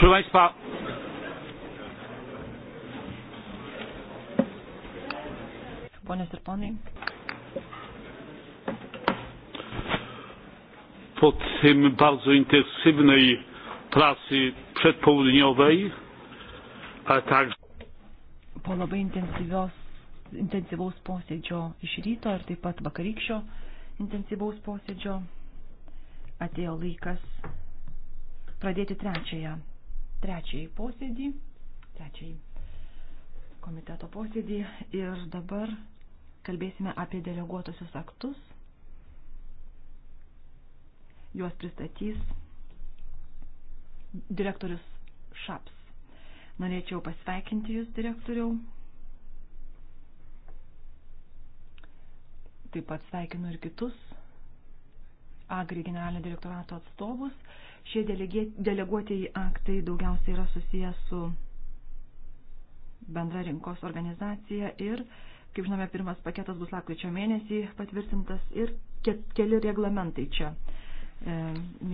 Proszę Państwa, Ponios ir ponai. Po tym bardzo intensywnej pracy przedpołudniowej, a także. Po labai intensyvaus posėdžio iš ryto ir taip pat vakarykščio intensyvaus posėdžio atėjo laikas pradėti trečiąją trečiąjį posėdį, trečiąjį komiteto posėdį ir dabar kalbėsime apie deleguotusius aktus. Juos pristatys direktorius Šaps. Norėčiau pasveikinti Jūs, direktoriau. Taip pat sveikinu ir kitus Agri generalinio direktorato atstovus. Šie deleguotieji aktai daugiausiai yra susijęs su bendra rinkos organizacija ir, kaip žinome, pirmas paketas bus lakryčio mėnesį patvirtintas ir keli reglamentai čia e,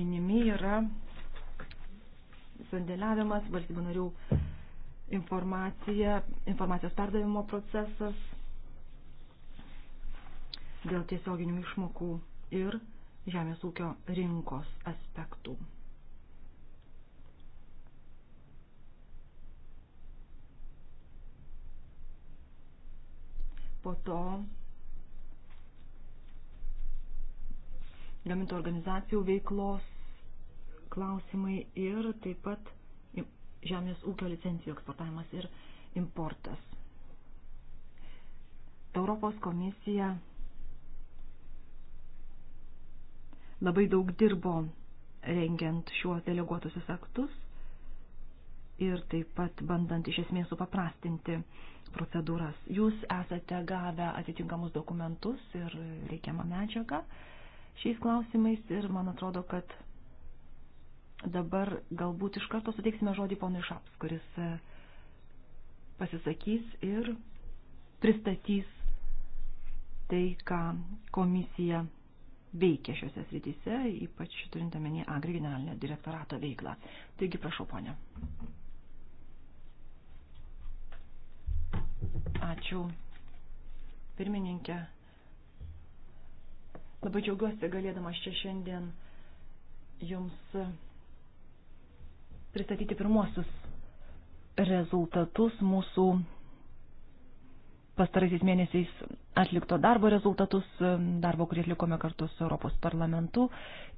minimi yra sandėliavimas, valstybių narių informacija, informacijos perdavimo procesas dėl tiesioginių išmokų ir žemės ūkio rinkos aspektų. po to gamintų organizacijų veiklos klausimai ir taip pat žemės ūkio licencijų eksportavimas ir importas. Europos komisija labai daug dirbo rengiant šiuos deleguotusius aktus ir taip pat bandant iš esmės supaprastinti uh, procedūras. Jūs esate gavę atitinkamus dokumentus ir reikiamą medžiagą šiais klausimais ir man atrodo, kad dabar galbūt iš karto suteiksime žodį ponui Šaps, kuris e, pasisakys ir pristatys tai, ką komisija veikia šiuose srityse, ypač turintamenį agri generalinio direktorato veiklą. Taigi prašau, ponė. Ačiū, pirmininkė. Labai džiaugiuosi galėdamas čia šiandien jums pristatyti pirmosius rezultatus mūsų pastaraisiais mėnesiais atlikto darbo rezultatus, darbo, kurį atlikome kartu su Europos parlamentu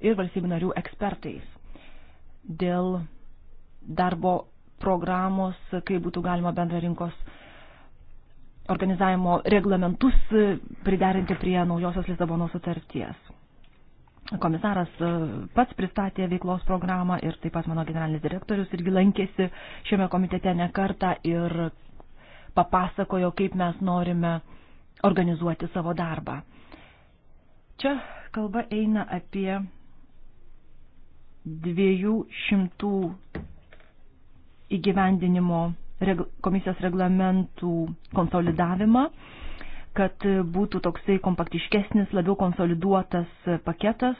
ir valstybių narių ekspertais dėl darbo programos, kaip būtų galima bendra rinkos organizavimo reglamentus e, priderinti prie naujosios Lisabonos sutarties. Komisaras e, pats pristatė veiklos programą ir taip pat mano generalinis direktorius irgi lankėsi šiame komitete ne kartą ir papasakojo, kaip mes norime organizuoti savo darbą. Čia kalba eina apie 200 įgyvendinimo reg, komisijos reglamentų konsolidavimą, kad būtų toksai kompaktiškesnis, labiau konsoliduotas paketas,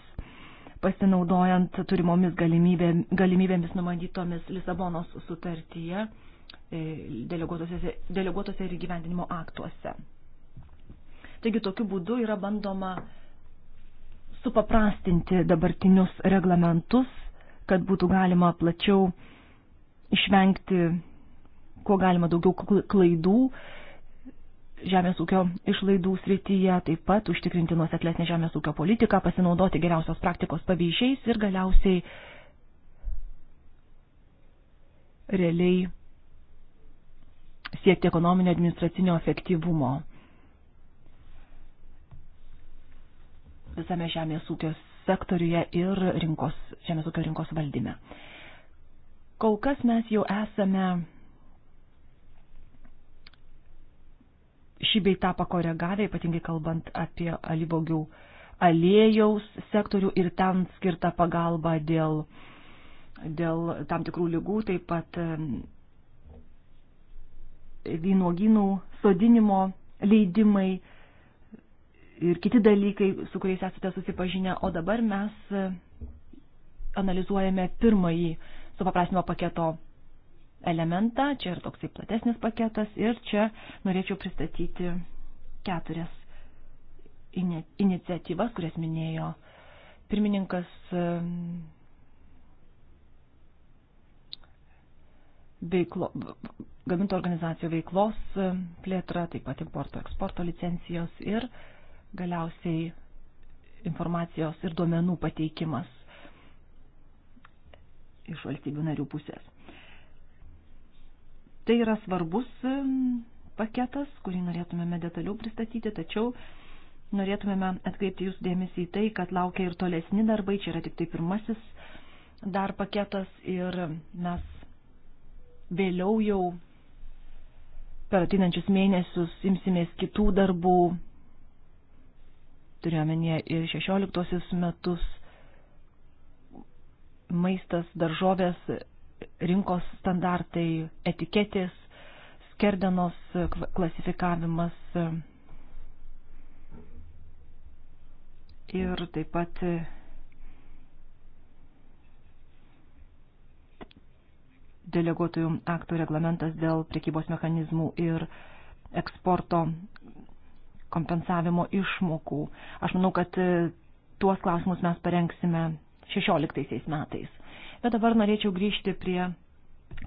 pasinaudojant turimomis galimybė, galimybėmis numatytomis Lisabonos sutartyje, e, deleguotose, deleguotose ir gyvendinimo aktuose. Taigi tokiu būdu yra bandoma supaprastinti dabartinius reglamentus, kad būtų galima plačiau išvengti kuo galima daugiau klaidų žemės ūkio išlaidų srityje, taip pat užtikrinti nuoseklesnę žemės ūkio politiką, pasinaudoti geriausios praktikos pavyzdžiais ir galiausiai realiai siekti ekonominio administracinio efektyvumo visame žemės ūkio sektoriuje ir rinkos, žemės ūkio rinkos valdyme. Kol kas mes jau esame šį beitą pakoregavę, ypatingai kalbant apie alyvogių aliejaus sektorių ir ten skirtą pagalbą dėl, dėl tam tikrų lygų, taip pat vynuogynų sodinimo leidimai ir kiti dalykai, su kuriais esate susipažinę. O dabar mes analizuojame pirmąjį supaprastinimo paketo elementą, čia yra toksai platesnis paketas ir čia norėčiau pristatyti keturias iniciatyvas, kurias minėjo pirmininkas ehm, veiklo, gaminto organizacijų veiklos ehm, plėtra, taip pat importo eksporto licencijos ir galiausiai informacijos ir duomenų pateikimas iš valstybių narių pusės. Tai yra svarbus paketas, kurį norėtumėme detaliau pristatyti, tačiau norėtumėme atkreipti jūsų dėmesį į tai, kad laukia ir tolesni darbai, čia yra tik tai pirmasis dar paketas ir mes vėliau jau per ateinančius mėnesius imsimės kitų darbų, turiuomenė ir 16 metus maistas, daržovės, rinkos standartai, etiketės, skerdenos klasifikavimas ir taip pat deleguotojų aktų reglamentas dėl priekybos mechanizmų ir eksporto kompensavimo išmokų. Aš manau, kad tuos klausimus mes parengsime 16 metais. Bet dabar norėčiau grįžti prie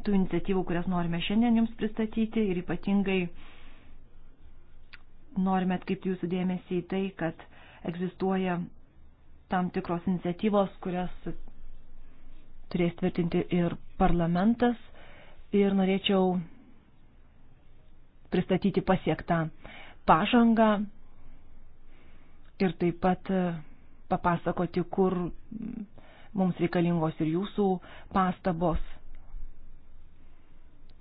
tų iniciatyvų, kurias norime šiandien jums pristatyti ir ypatingai norime atkreipti jūsų dėmesį į tai, kad egzistuoja tam tikros iniciatyvos, kurias turės tvirtinti ir parlamentas ir norėčiau pristatyti pasiektą pažangą ir taip pat papasakoti, kur mums reikalingos ir jūsų pastabos.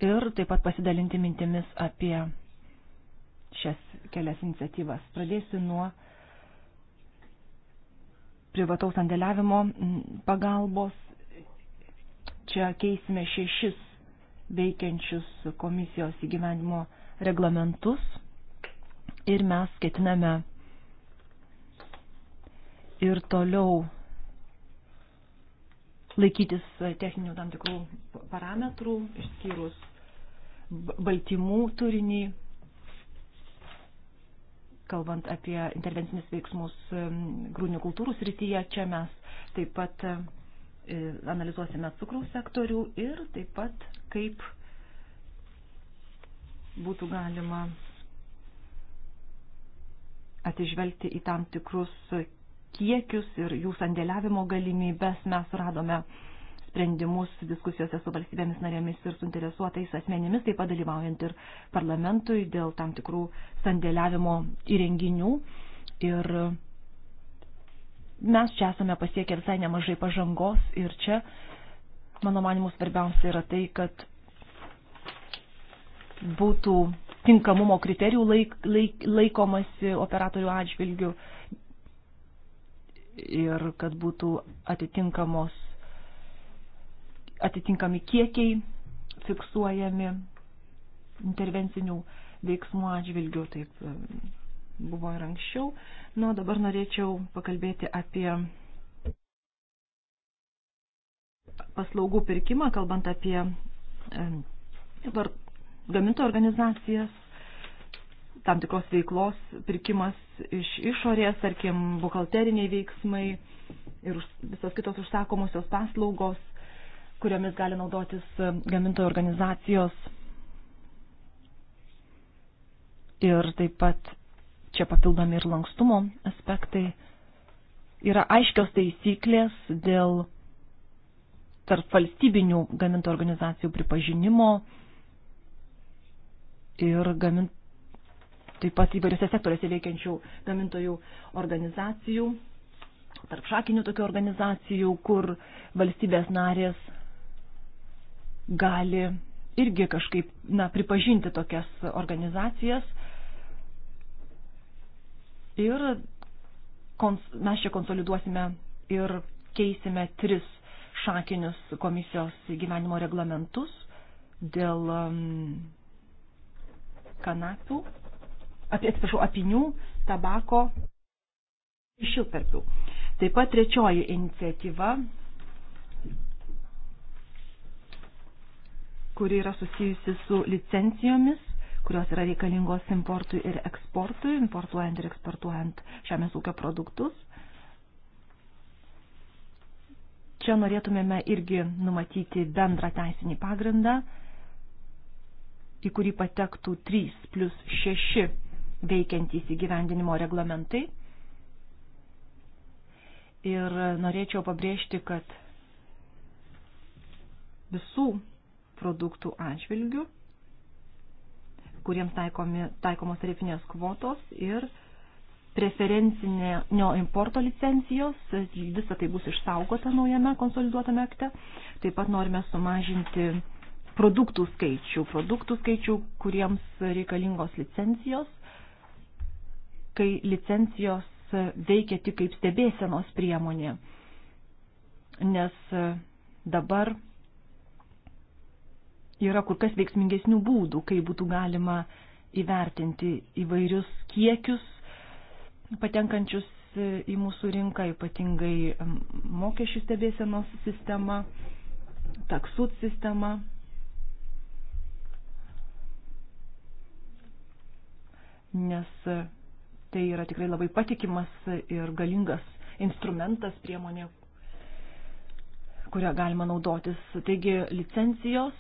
Ir taip pat pasidalinti mintimis apie šias kelias iniciatyvas. Pradėsiu nuo privataus sandėliavimo pagalbos. Čia keisime šešis veikiančius komisijos įgyvenimo reglamentus ir mes ketiname ir toliau laikytis e, techninių tam tikrų parametrų, išskyrus baltymų turinį, kalbant apie intervencinius veiksmus e, grūdinių kultūrų srityje, čia mes taip pat e, analizuosime cukrų sektorių ir taip pat kaip būtų galima atsižvelgti į tam tikrus kiekius ir jų sandėliavimo galimybės mes radome sprendimus diskusijose su valstybėmis narėmis ir suinteresuotais asmenimis, taip pat dalyvaujant ir parlamentui dėl tam tikrų sandėliavimo įrenginių. Ir mes čia esame pasiekę visai nemažai pažangos ir čia, mano manimu, svarbiausia yra tai, kad būtų tinkamumo kriterijų laik, laik, laikomasi operatorių atžvilgių ir kad būtų atitinkamos, atitinkami kiekiai fiksuojami intervencinių veiksmų atžvilgių, taip e, buvo ir anksčiau. Nu, dabar norėčiau pakalbėti apie paslaugų pirkimą, kalbant apie e, dabar gaminto organizacijas tam tikros veiklos pirkimas iš išorės, tarkim, buhalteriniai veiksmai ir visos kitos užsakomosios paslaugos, kuriomis gali naudotis e, gamintojų organizacijos. Ir taip pat čia papildomi ir lankstumo aspektai. Yra aiškios taisyklės dėl tarp valstybinių gamintojų organizacijų pripažinimo ir gamintojų taip pat įvairiose sektoriuose veikiančių gamintojų organizacijų, tarp šakinių tokių organizacijų, kur valstybės narės gali irgi kažkaip na, pripažinti tokias organizacijas. Ir kons, mes čia konsoliduosime ir keisime tris šakinius komisijos gyvenimo reglamentus dėl um, kanapių apie, atsiprašau, apinių, tabako ir šiltarpių. Taip pat trečioji iniciatyva, kuri yra susijusi su licencijomis, kurios yra reikalingos importui ir eksportui, importuojant ir eksportuojant žemės ūkio produktus. Čia norėtumėme irgi numatyti bendrą teisinį pagrindą, į kurį patektų 3 plus 6 veikiantys įgyvendinimo reglamentai. Ir norėčiau pabrėžti, kad visų produktų atžvilgių, kuriems taikomi, taikomos tarifinės kvotos ir preferencinio importo licencijos, visa tai bus išsaugota naujame konsoliduotame akte. Taip pat norime sumažinti produktų skaičių, produktų skaičių, kuriems reikalingos licencijos kai licencijos veikia tik kaip stebėsenos priemonė. Nes dabar yra kur kas veiksmingesnių būdų, kai būtų galima įvertinti įvairius kiekius patenkančius į mūsų rinką, ypatingai mokesčių stebėsenos sistema, taksut sistema. Nes Tai yra tikrai labai patikimas ir galingas instrumentas, priemonė, kurią galima naudotis. Taigi licencijos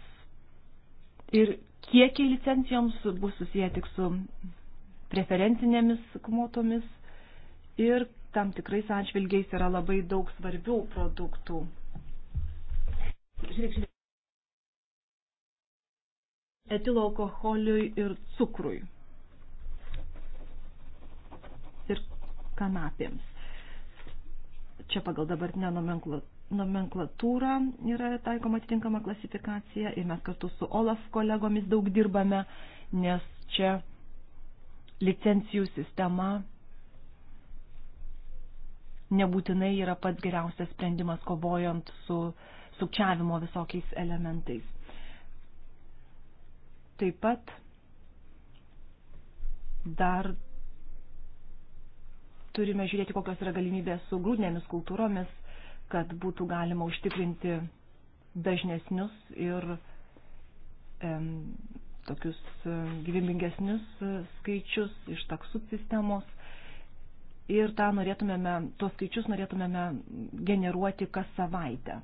ir kiekiai licencijoms bus susiję tik su preferencinėmis kvotomis ir tam tikrais atžvilgiais yra labai daug svarbių produktų. Žiūrėk, žiūrėk. Etilo alkoholiui ir cukrui ir kanapėms. Čia pagal dabartinę nomenklatūrą yra taikoma atitinkama klasifikacija ir mes kartu su OLAF kolegomis daug dirbame, nes čia licencijų sistema nebūtinai yra pats geriausias sprendimas kovojant su sukčiavimo visokiais elementais. Taip pat dar turime žiūrėti, kokios yra galimybės su grūdinėmis kultūromis, kad būtų galima užtikrinti dažnesnius ir em, tokius e, gyvybingesnius e, skaičius iš taksų sistemos. Ir tą norėtumėme, tuos skaičius norėtumėme generuoti kas savaitę.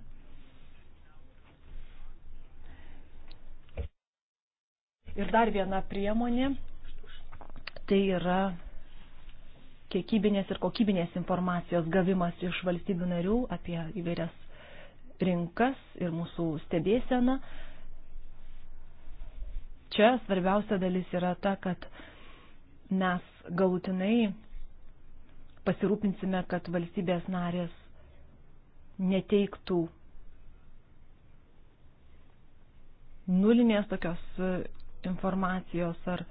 Ir dar viena priemonė, tai yra kiekybinės ir kokybinės informacijos gavimas iš valstybių narių apie įvairias rinkas ir mūsų stebėseną. Čia svarbiausia dalis yra ta, kad mes galutinai pasirūpinsime, kad valstybės narės neteiktų nulinės tokios informacijos ar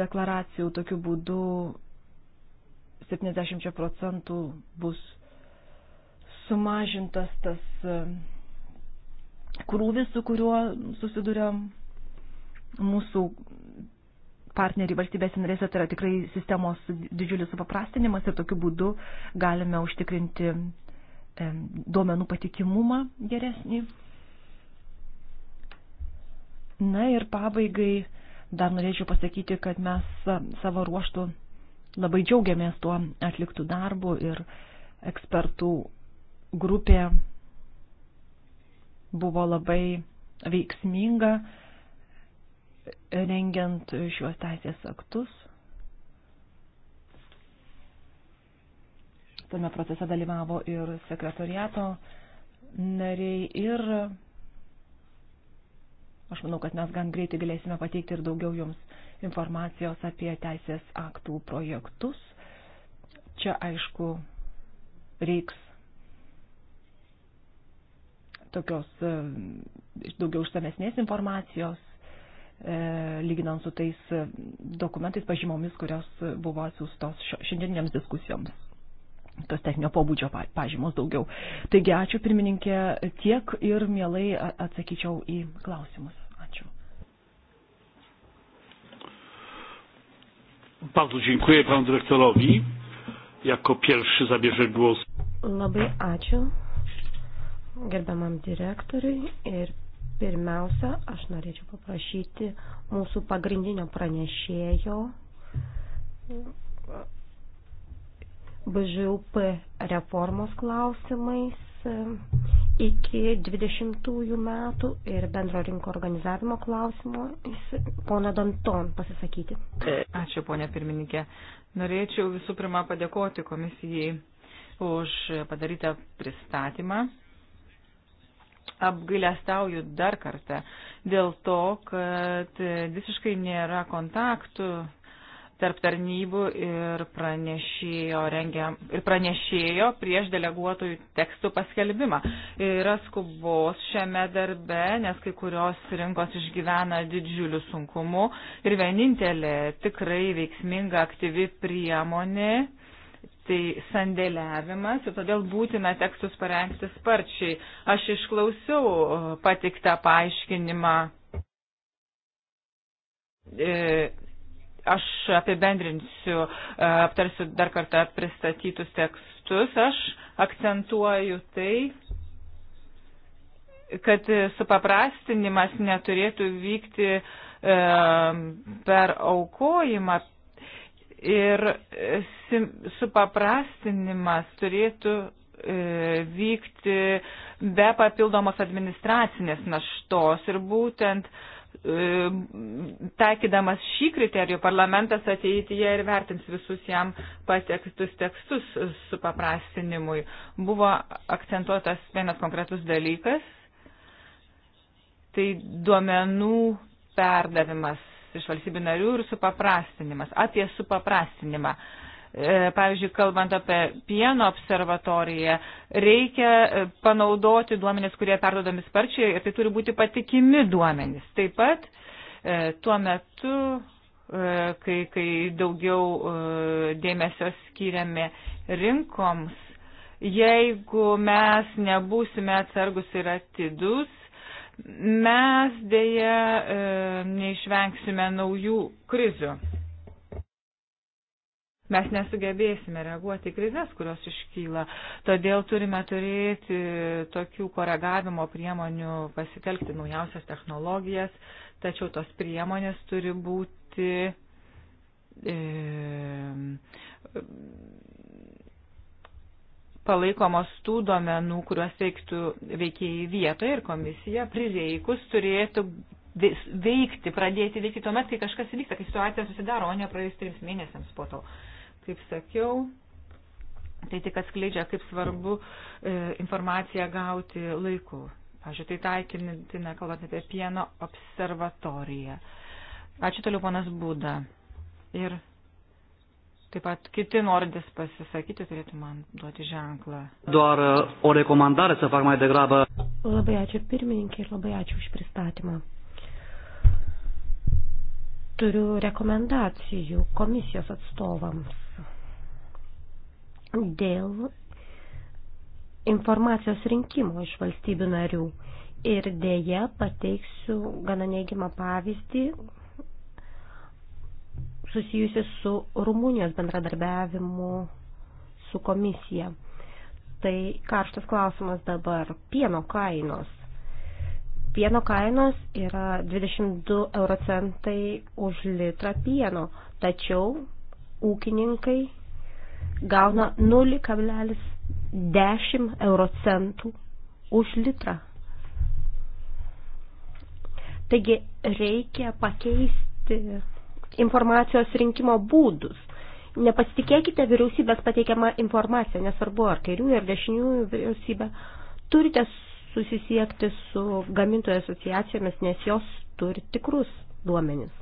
deklaracijų tokiu būdu 70 procentų bus sumažintas tas e, krūvis, su kuriuo susiduria mūsų partneriai valstybės narėse, tai yra tikrai sistemos didžiulis supaprastinimas ir tokiu būdu galime užtikrinti e, duomenų patikimumą geresnį. Na ir pabaigai dar norėčiau pasakyti, kad mes savo ruoštų Labai džiaugiamės tuo atliktų darbų ir ekspertų grupė buvo labai veiksminga rengiant šiuos teisės aktus. Tame procese dalyvavo ir sekretoriato nariai ir aš manau, kad mes gan greitai galėsime pateikti ir daugiau jums informacijos apie teisės aktų projektus. Čia, aišku, reiks tokios e, daugiau užsamesnės informacijos, e, lyginant su tais dokumentais pažymomis, kurios buvo atsiūstos šiandieniniams diskusijoms tos techninio pobūdžio pažymos daugiau. Taigi ačiū pirmininkė tiek ir mielai atsakyčiau į klausimus. Bardzo dziękuję panu dyrektorowi. Jako pierwszy zabierze głos. Labai ačiū gerbiamam direktoriui ir pirmiausia, aš norėčiau paprašyti mūsų pagrindinio pranešėjo BŽUP reformos klausimais iki 20 metų ir bendro rinko organizavimo klausimo pono Danton pasisakyti. Ačiū, ponė pirmininkė. Norėčiau visų pirma padėkoti komisijai už padarytą pristatymą. Apgailestauju dar kartą dėl to, kad visiškai nėra kontaktų tarp tarnybų ir pranešėjo, rengia, ir pranešėjo prieš deleguotojų tekstų paskelbimą. Yra skubos šiame darbe, nes kai kurios rinkos išgyvena didžiulių sunkumų ir vienintelė tikrai veiksminga aktyvi priemonė tai sandėliavimas ir todėl būtina tekstus parengti sparčiai. Aš išklausiau e, patiktą paaiškinimą e, Aš apibendrinsiu, e, aptarsiu dar kartą pristatytus tekstus. Aš akcentuoju tai, kad supaprastinimas neturėtų vykti e, per aukojimą ir e, sim, supaprastinimas turėtų e, vykti be papildomos administracinės naštos ir būtent e, taikydamas šį kriterijų, parlamentas ateityje ir vertins visus jam patektus tekstus su paprastinimui. Buvo akcentuotas vienas konkretus dalykas, tai duomenų perdavimas iš valstybių narių ir supaprastinimas. Apie supaprastinimą. Uh, E, pavyzdžiui, kalbant apie pieno observatoriją, reikia e, panaudoti duomenis, kurie perdodami sparčiai ir tai turi būti patikimi duomenis. Taip pat e, tuo metu, kai, kai daugiau dėmesio skiriame rinkoms, jeigu mes nebūsime atsargus ir atidus, mes dėja neišvengsime naujų krizių mes nesugebėsime reaguoti į krizės, kurios iškyla. Todėl turime turėti tokių koregavimo priemonių, pasitelkti naujausias technologijas, tačiau tos priemonės turi būti e, palaikomos tų duomenų, kuriuos veiktų veikėjai vietoje ir komisija prireikus turėtų veikti, pradėti veikti tuomet, kai kažkas įvyksta, kai situacija susidaro, o ne praėjus trims mėnesiams po to. Uh, Kaip sakiau, tai tik atskleidžia, kaip svarbu e, informaciją gauti laiku. Pavyzdžiui, tai taikintina, kalbant apie pieno observatoriją. Ačiū toliau, ponas Būda. Ir taip pat kiti norintys pasisakyti turėtų man duoti ženklą. Doar e, o rekomandarę să fac mai degrabă. Labai ačiū pirmininkė ir labai ačiū už pristatymą. Turiu rekomendacijų komisijos atstovams dėl informacijos rinkimo iš valstybių narių. Ir dėja pateiksiu gana neigiamą pavyzdį susijusi su Rumunijos bendradarbiavimu su komisija. Tai karštas klausimas dabar - pieno kainos. Pieno kainos yra 22 euro centai už litrą pieno, tačiau ūkininkai gauna 0,10 eurocentų už litrą. Taigi reikia pakeisti informacijos rinkimo būdus. Nepasitikėkite vyriausybės pateikiamą informaciją, nesvarbu ar kairiųjų ar dešiniųjų vyriausybė. Turite susisiekti su gamintojų asociacijomis, nes jos turi tikrus duomenis.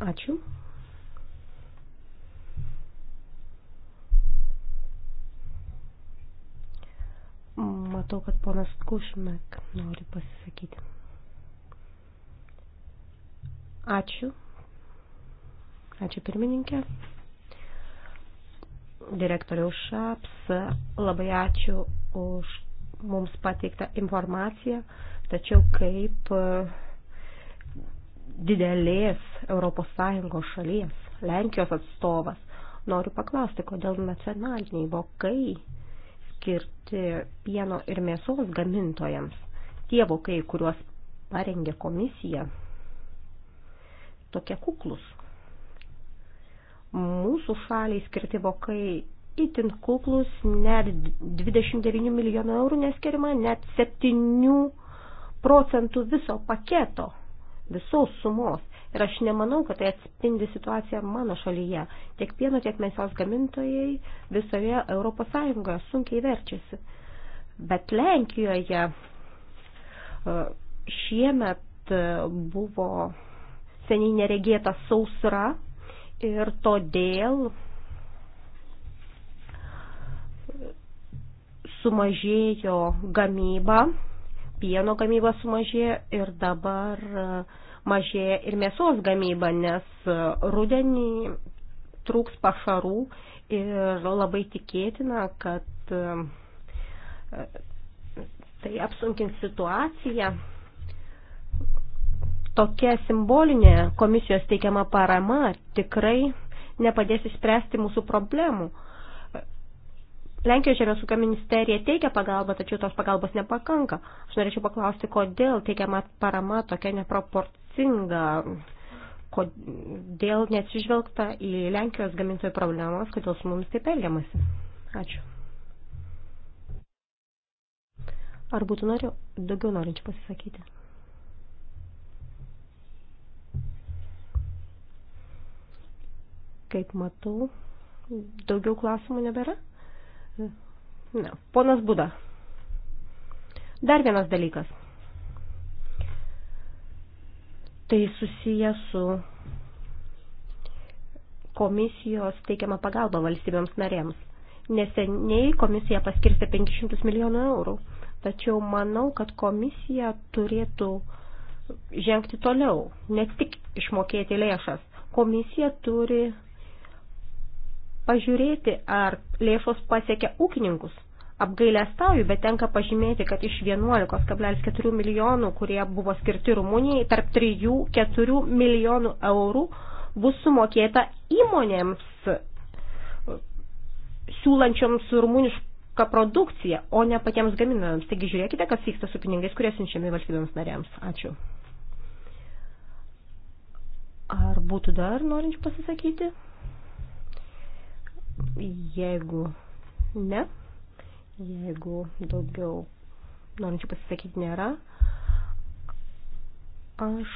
Ačiū. Matau, kad ponas Kušmek nori pasisakyti. Ačiū. Ačiū pirmininkė. Direktoriaus Šaps, labai ačiū už mums pateiktą informaciją, tačiau kaip didelės ES šalies, Lenkijos atstovas, noriu paklausti, kodėl nacionaliniai vokai skirti pieno ir mėsos gamintojams. Tie vokai, kuriuos parengė komisija, tokie kuklus. Mūsų šaliai skirti vokai itin kuklus, net 29 milijonų eurų neskirima, net 7 procentų viso paketo, visos sumos. Ir aš nemanau, kad tai atspindi situaciją mano šalyje. Tiek pieno, tiek mėsos gamintojai visoje Europos Sąjungoje sunkiai verčiasi. Bet Lenkijoje e, šiemet e, buvo seniai neregėta sausra ir todėl sumažėjo gamyba, pieno gamyba sumažėjo ir dabar uh, mažėja ir mėsos gamyba, nes e, rudenį trūks pašarų ir labai tikėtina, kad e, tai apsunkins situaciją. Tokia simbolinė komisijos teikiama parama tikrai nepadės išspręsti mūsų problemų. Lenkijos žemės ūkio ministerija teikia pagalbą, tačiau tos pagalbos nepakanka. Aš norėčiau paklausti, kodėl teikiama parama tokia neproporcinė teisinga, kodėl neatsižvelgta į Lenkijos gamintojų problemas, kodėl su mums taip elgiamasi. Ačiū. Ar būtų noriu, daugiau norinčių pasisakyti? Kaip matau, daugiau klausimų nebėra? Ne. Ponas Buda. Dar vienas dalykas. Tai susiję su komisijos teikiama pagalba valstybėms narėms. Neseniai komisija paskirstė 500 milijonų eurų, tačiau manau, kad komisija turėtų žengti toliau, ne tik išmokėti lėšas. Komisija turi pažiūrėti, ar lėšos pasiekia ūkininkus. Apgailestauju, bet tenka pažymėti, kad iš 11,4 milijonų, kurie buvo skirti Rumunijai, tarp 3-4 milijonų eurų bus sumokėta įmonėms siūlančioms rumunišką produkciją, o ne patiems gamintojams. Taigi žiūrėkite, kas vyksta su pinigais, kurie siunčiami valstybėms narėms. Ačiū. Ar būtų dar norinčių pasisakyti? Jeigu ne. Jeigu daugiau norinčių pasisakyti nėra, aš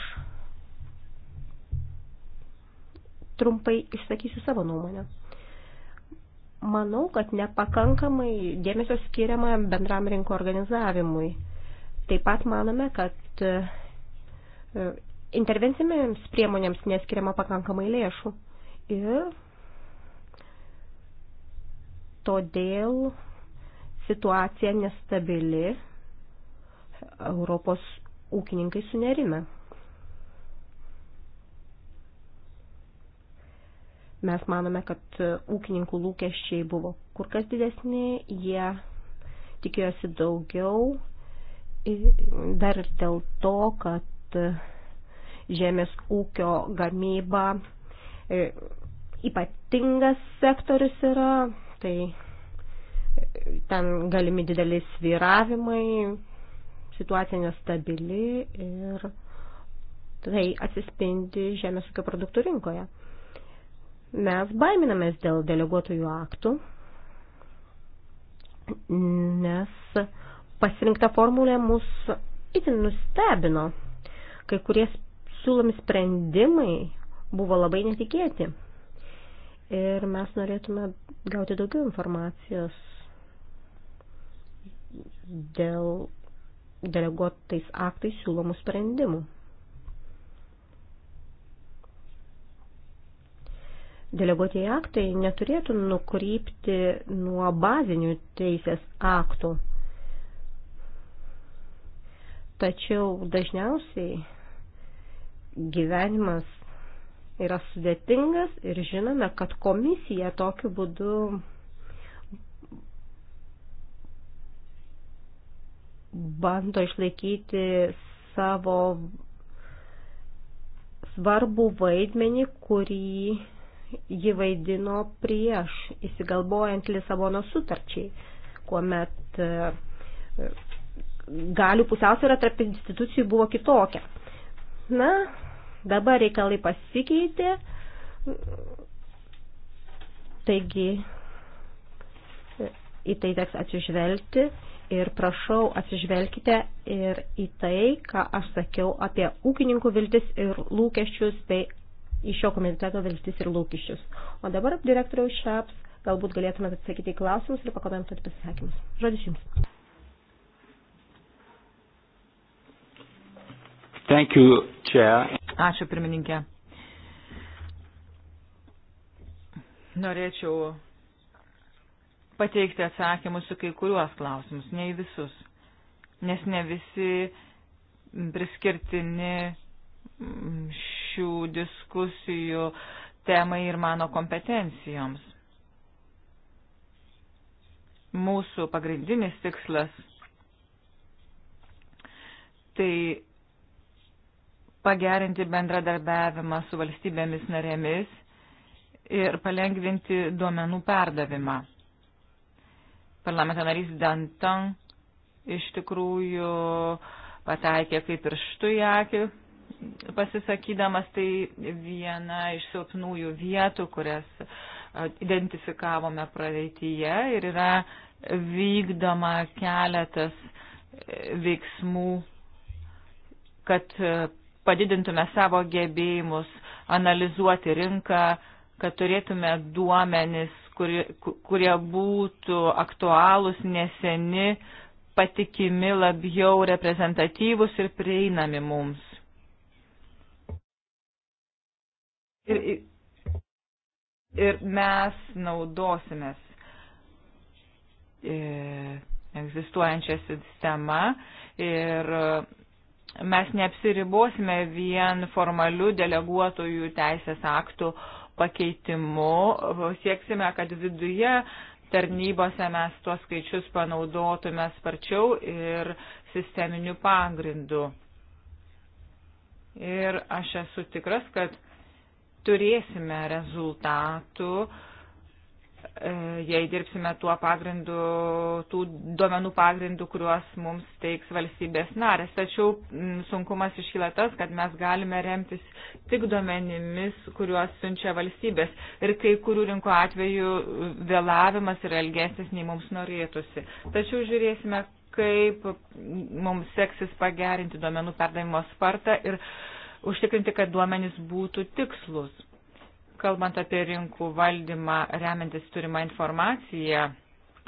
trumpai išsakysiu savo nuomonę. Manau, kad nepakankamai dėmesio skiriama bendram rinko organizavimui. Taip pat manome, kad e, intervencinėms priemonėms neskiriama pakankamai lėšų. Ir todėl situacija nestabili, Europos ūkininkai sunerime. Mes manome, kad ūkininkų lūkesčiai buvo kur kas didesni, jie tikėjosi daugiau, dar ir dėl to, kad žemės ūkio gamyba e, ypatingas sektorius yra, tai ten galimi dideliai sviravimai, situacija nestabili ir tai atsispindi žemės ūkio produktų rinkoje. Mes baiminamės dėl deleguotojų aktų, nes pasirinkta formulė mus itin nustebino. Kai kurie siūlomi sprendimai buvo labai netikėti. Ir mes norėtume gauti daugiau informacijos dėl deleguotais aktais siūlomų sprendimų. Deleguotieji aktai neturėtų nukrypti nuo bazinių teisės aktų. Tačiau dažniausiai gyvenimas yra sudėtingas ir žinome, kad komisija tokiu būdu bando išlaikyti savo svarbų vaidmenį, kurį ji vaidino prieš įsigalbojant Lisabono sutarčiai, kuomet e, galių pusiausvėra tarp institucijų buvo kitokia. Na, dabar reikalai pasikeitė, taigi į tai teks atsižvelgti ir prašau atsižvelkite ir į tai, ką aš sakiau apie ūkininkų viltis ir lūkesčius, bei iš šio komiteto viltis ir lūkesčius. O dabar, direktoriaus Šaps, galbūt galėtumėte atsakyti į klausimus ir pakomentuoti pasisakymus. Žodis Jums. Thank you, Chair. Ačiū, pirmininkė. Norėčiau pateikti atsakymus į kai kuriuos klausimus, ne į visus, nes ne visi priskirtini šių diskusijų temai ir mano kompetencijoms. Mūsų pagrindinis tikslas tai pagerinti bendradarbiavimą su valstybėmis narėmis ir palengvinti duomenų perdavimą parlamento narys Danton iš tikrųjų pataikė kaip ir štų į akį, pasisakydamas tai viena iš silpnųjų vietų, kurias identifikavome praeityje ir yra vykdoma keletas e, veiksmų, kad e, padidintume savo gebėjimus analizuoti rinką, kad turėtume duomenis kurie, kurie būtų aktualūs, neseni, patikimi, labiau reprezentatyvus ir prieinami mums. Ir, ir mes naudosimės e, egzistuojančią sistemą ir mes neapsiribosime vien formalių deleguotojų teisės aktų pakeitimu, sieksime, kad viduje tarnybose mes tuos skaičius panaudotume sparčiau ir sisteminiu pagrindu. Ir aš esu tikras, kad turėsime rezultatų, uh, E, jei dirbsime tuo pagrindu, tų duomenų pagrindu, kuriuos mums teiks valstybės narės. Tačiau sunkumas iškyla tas, kad mes galime remtis tik duomenimis, kuriuos siunčia valstybės. Ir kai kurių rinko atveju vėlavimas yra ilgesnis, nei mums norėtųsi. Tačiau žiūrėsime, kaip mums seksis pagerinti duomenų perdavimo spartą ir užtikrinti, kad duomenys būtų tikslus kalbant apie rinkų valdymą, remiantis turimą informaciją,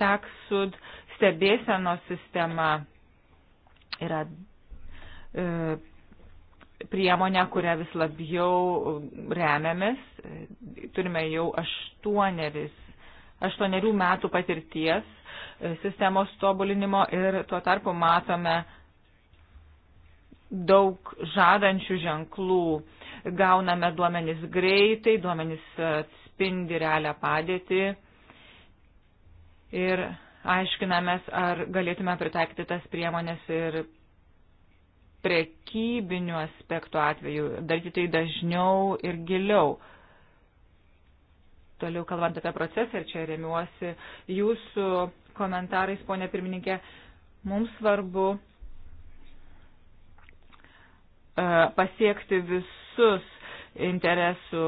taksud stebėsenos sistema yra e, priemonė, kurią vis labiau remiamės. Turime jau aštuoneris, aštuonerių metų patirties e, sistemos tobulinimo ir tuo tarpu matome, daug žadančių ženklų. Gauname duomenis greitai, duomenis atspindi realią padėtį ir aiškinamės, ar galėtume pritaikyti tas priemonės ir prekybinių aspektų atveju, daryti tai dažniau ir giliau. Toliau kalbant apie procesą, ir čia remiuosi jūsų komentarais, ponė pirmininkė, mums svarbu E, pasiekti visus interesų,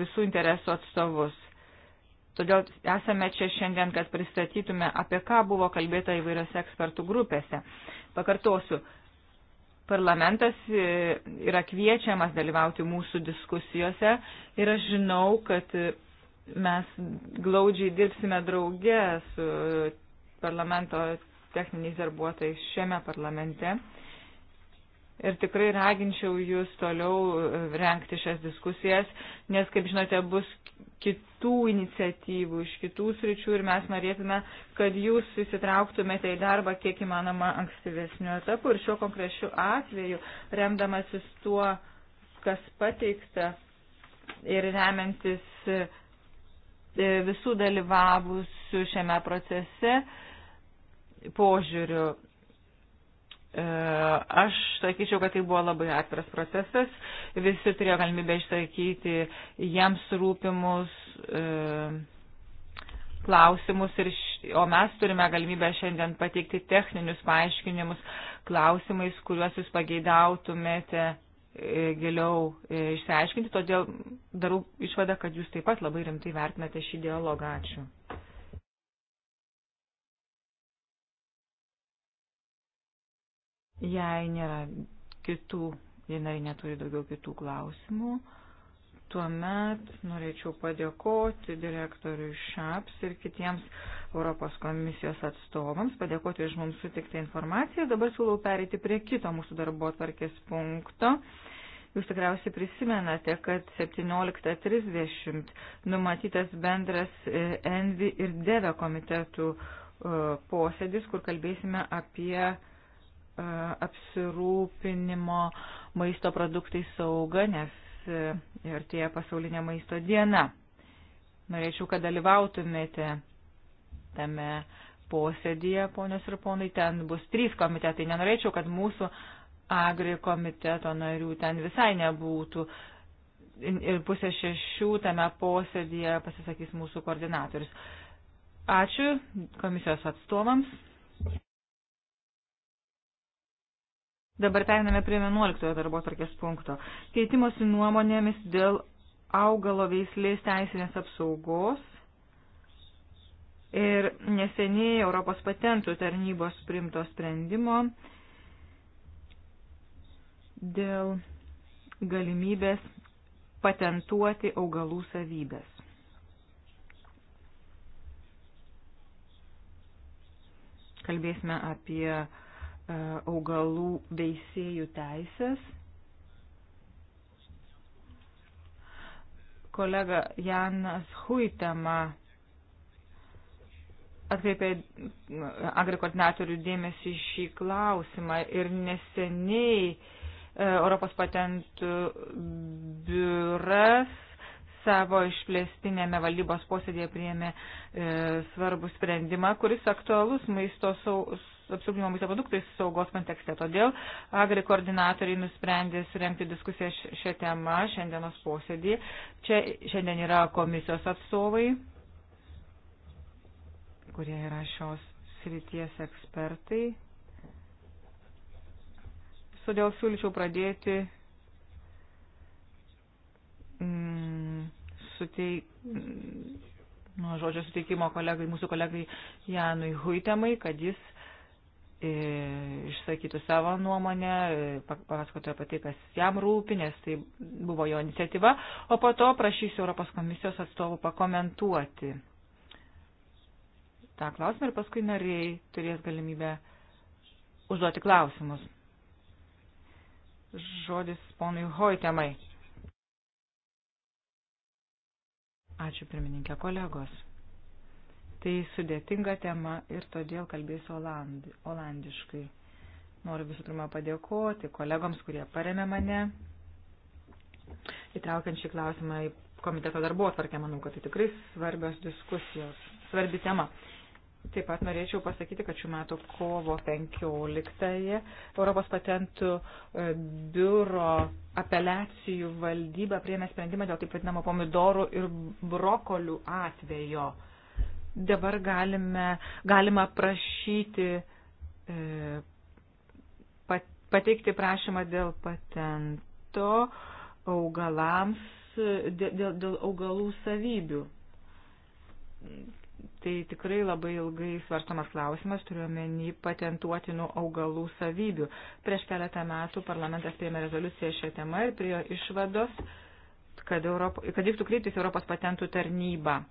visų interesų atstovus. Todėl esame čia šiandien, kad pristatytume, apie ką buvo kalbėta įvairiose ekspertų grupėse. Pakartosiu, parlamentas e, yra kviečiamas dalyvauti mūsų diskusijose ir aš žinau, kad mes glaudžiai dirbsime drauge su parlamento techniniais darbuotojais šiame parlamente. Ir tikrai raginčiau jūs toliau e, renkti šias diskusijas, nes, kaip žinote, bus kitų iniciatyvų iš kitų sričių ir mes norėtume, kad jūs įsitrauktumėte į darbą kiek įmanoma ankstyvesniu etapu. Ir šiuo konkrečiu atveju, remdamasis tuo, kas pateikta ir remiantis e, e, visų dalyvavusių šiame procese požiūriu, E, aš sakyčiau, kad tai buvo labai atviras procesas, visi turėjo galimybę išsakyti jiems rūpimus e, klausimus, ir, o mes turime galimybę šiandien pateikti techninius paaiškinimus klausimais, kuriuos jūs pageidautumėte e, giliau e, išsiaiškinti, todėl darau išvadą, kad jūs taip pat labai rimtai vertinate šį dialogą. Ačiū. Jei nėra kitų, jei nariai neturi daugiau kitų klausimų, tuomet norėčiau padėkoti direktoriui Šaps ir kitiems Europos komisijos atstovams, padėkoti už mums sutiktą informaciją. Dabar siūlau pereiti prie kito mūsų darbo atvarkės punkto. Jūs tikriausiai prisimenate, kad 17.30 numatytas bendras e, Envi ir Deve komitetų e, posėdis, kur kalbėsime apie E, apsirūpinimo maisto produktai sauga, nes e, ir tie pasaulinė maisto diena. Norėčiau, kad dalyvautumėte tame posėdėje, ponios ir ponai, ten bus trys komitetai. Nenorėčiau, kad mūsų agri komiteto narių ten visai nebūtų. Ir pusė šešių tame posėdėje pasisakys mūsų koordinatorius. Ačiū komisijos atstovams. Dabar periname prie 11 darbo tarkės punkto. Keitimosi nuomonėmis dėl augalo veislės teisinės apsaugos ir neseniai Europos patentų tarnybos primto sprendimo dėl galimybės patentuoti augalų savybės. Kalbėsime apie E, augalų veisėjų teisės. Kolega Janas Huitema atkreipė agrikoordinatorių dėmesį šį klausimą ir neseniai e, Europos patentų biuras savo išplėstinėme valdybos posėdėje priėmė e, svarbų sprendimą, kuris aktualus maisto apsauginimo maisto produktais saugos kontekste. Todėl agri koordinatoriai nusprendė surenkti diskusiją šią temą šiandienos posėdį. Čia šiandien yra komisijos atstovai, kurie yra šios srities ekspertai. Todėl siūlyčiau pradėti mm, suteik, mm, nuo žodžio suteikimo kolegai, mūsų kolegai Janui Huitemai, kad jis E, išsakytų savo nuomonę, e, papasakotų apie tai, kas jam rūpi, nes tai buvo jo iniciatyva, o po to prašysiu Europos komisijos atstovų pakomentuoti tą klausimą ir paskui nariai turės galimybę užduoti klausimus. Žodis ponui Hoitemai. Ačiū pirmininkė kolegos. Tai sudėtinga tema ir todėl kalbėsiu oland, olandiškai. Noriu visų pirma padėkoti kolegoms, kurie paremė mane. Įtraukiant šį klausimą į komiteto darbo atvarkę, manau, kad tai tikrai svarbios diskusijos, svarbi tema. Taip pat norėčiau pasakyti, kad šių metų kovo 15-ąją Europos patentų e, biuro apeliacijų valdyba priėmė sprendimą dėl taip vadinamo pomidorų ir brokolių atvejo dabar galime, galima prašyti, e, pateikti prašymą dėl patento augalams, dėl, dėl augalų savybių. Tai tikrai labai ilgai svarstomas klausimas, turiuomenį patentuotinų augalų savybių. Prieš keletą metų parlamentas priėmė rezoliuciją šią temą ir priejo išvados, kad, Europo, kad reiktų kreiptis Europos patentų tarnybą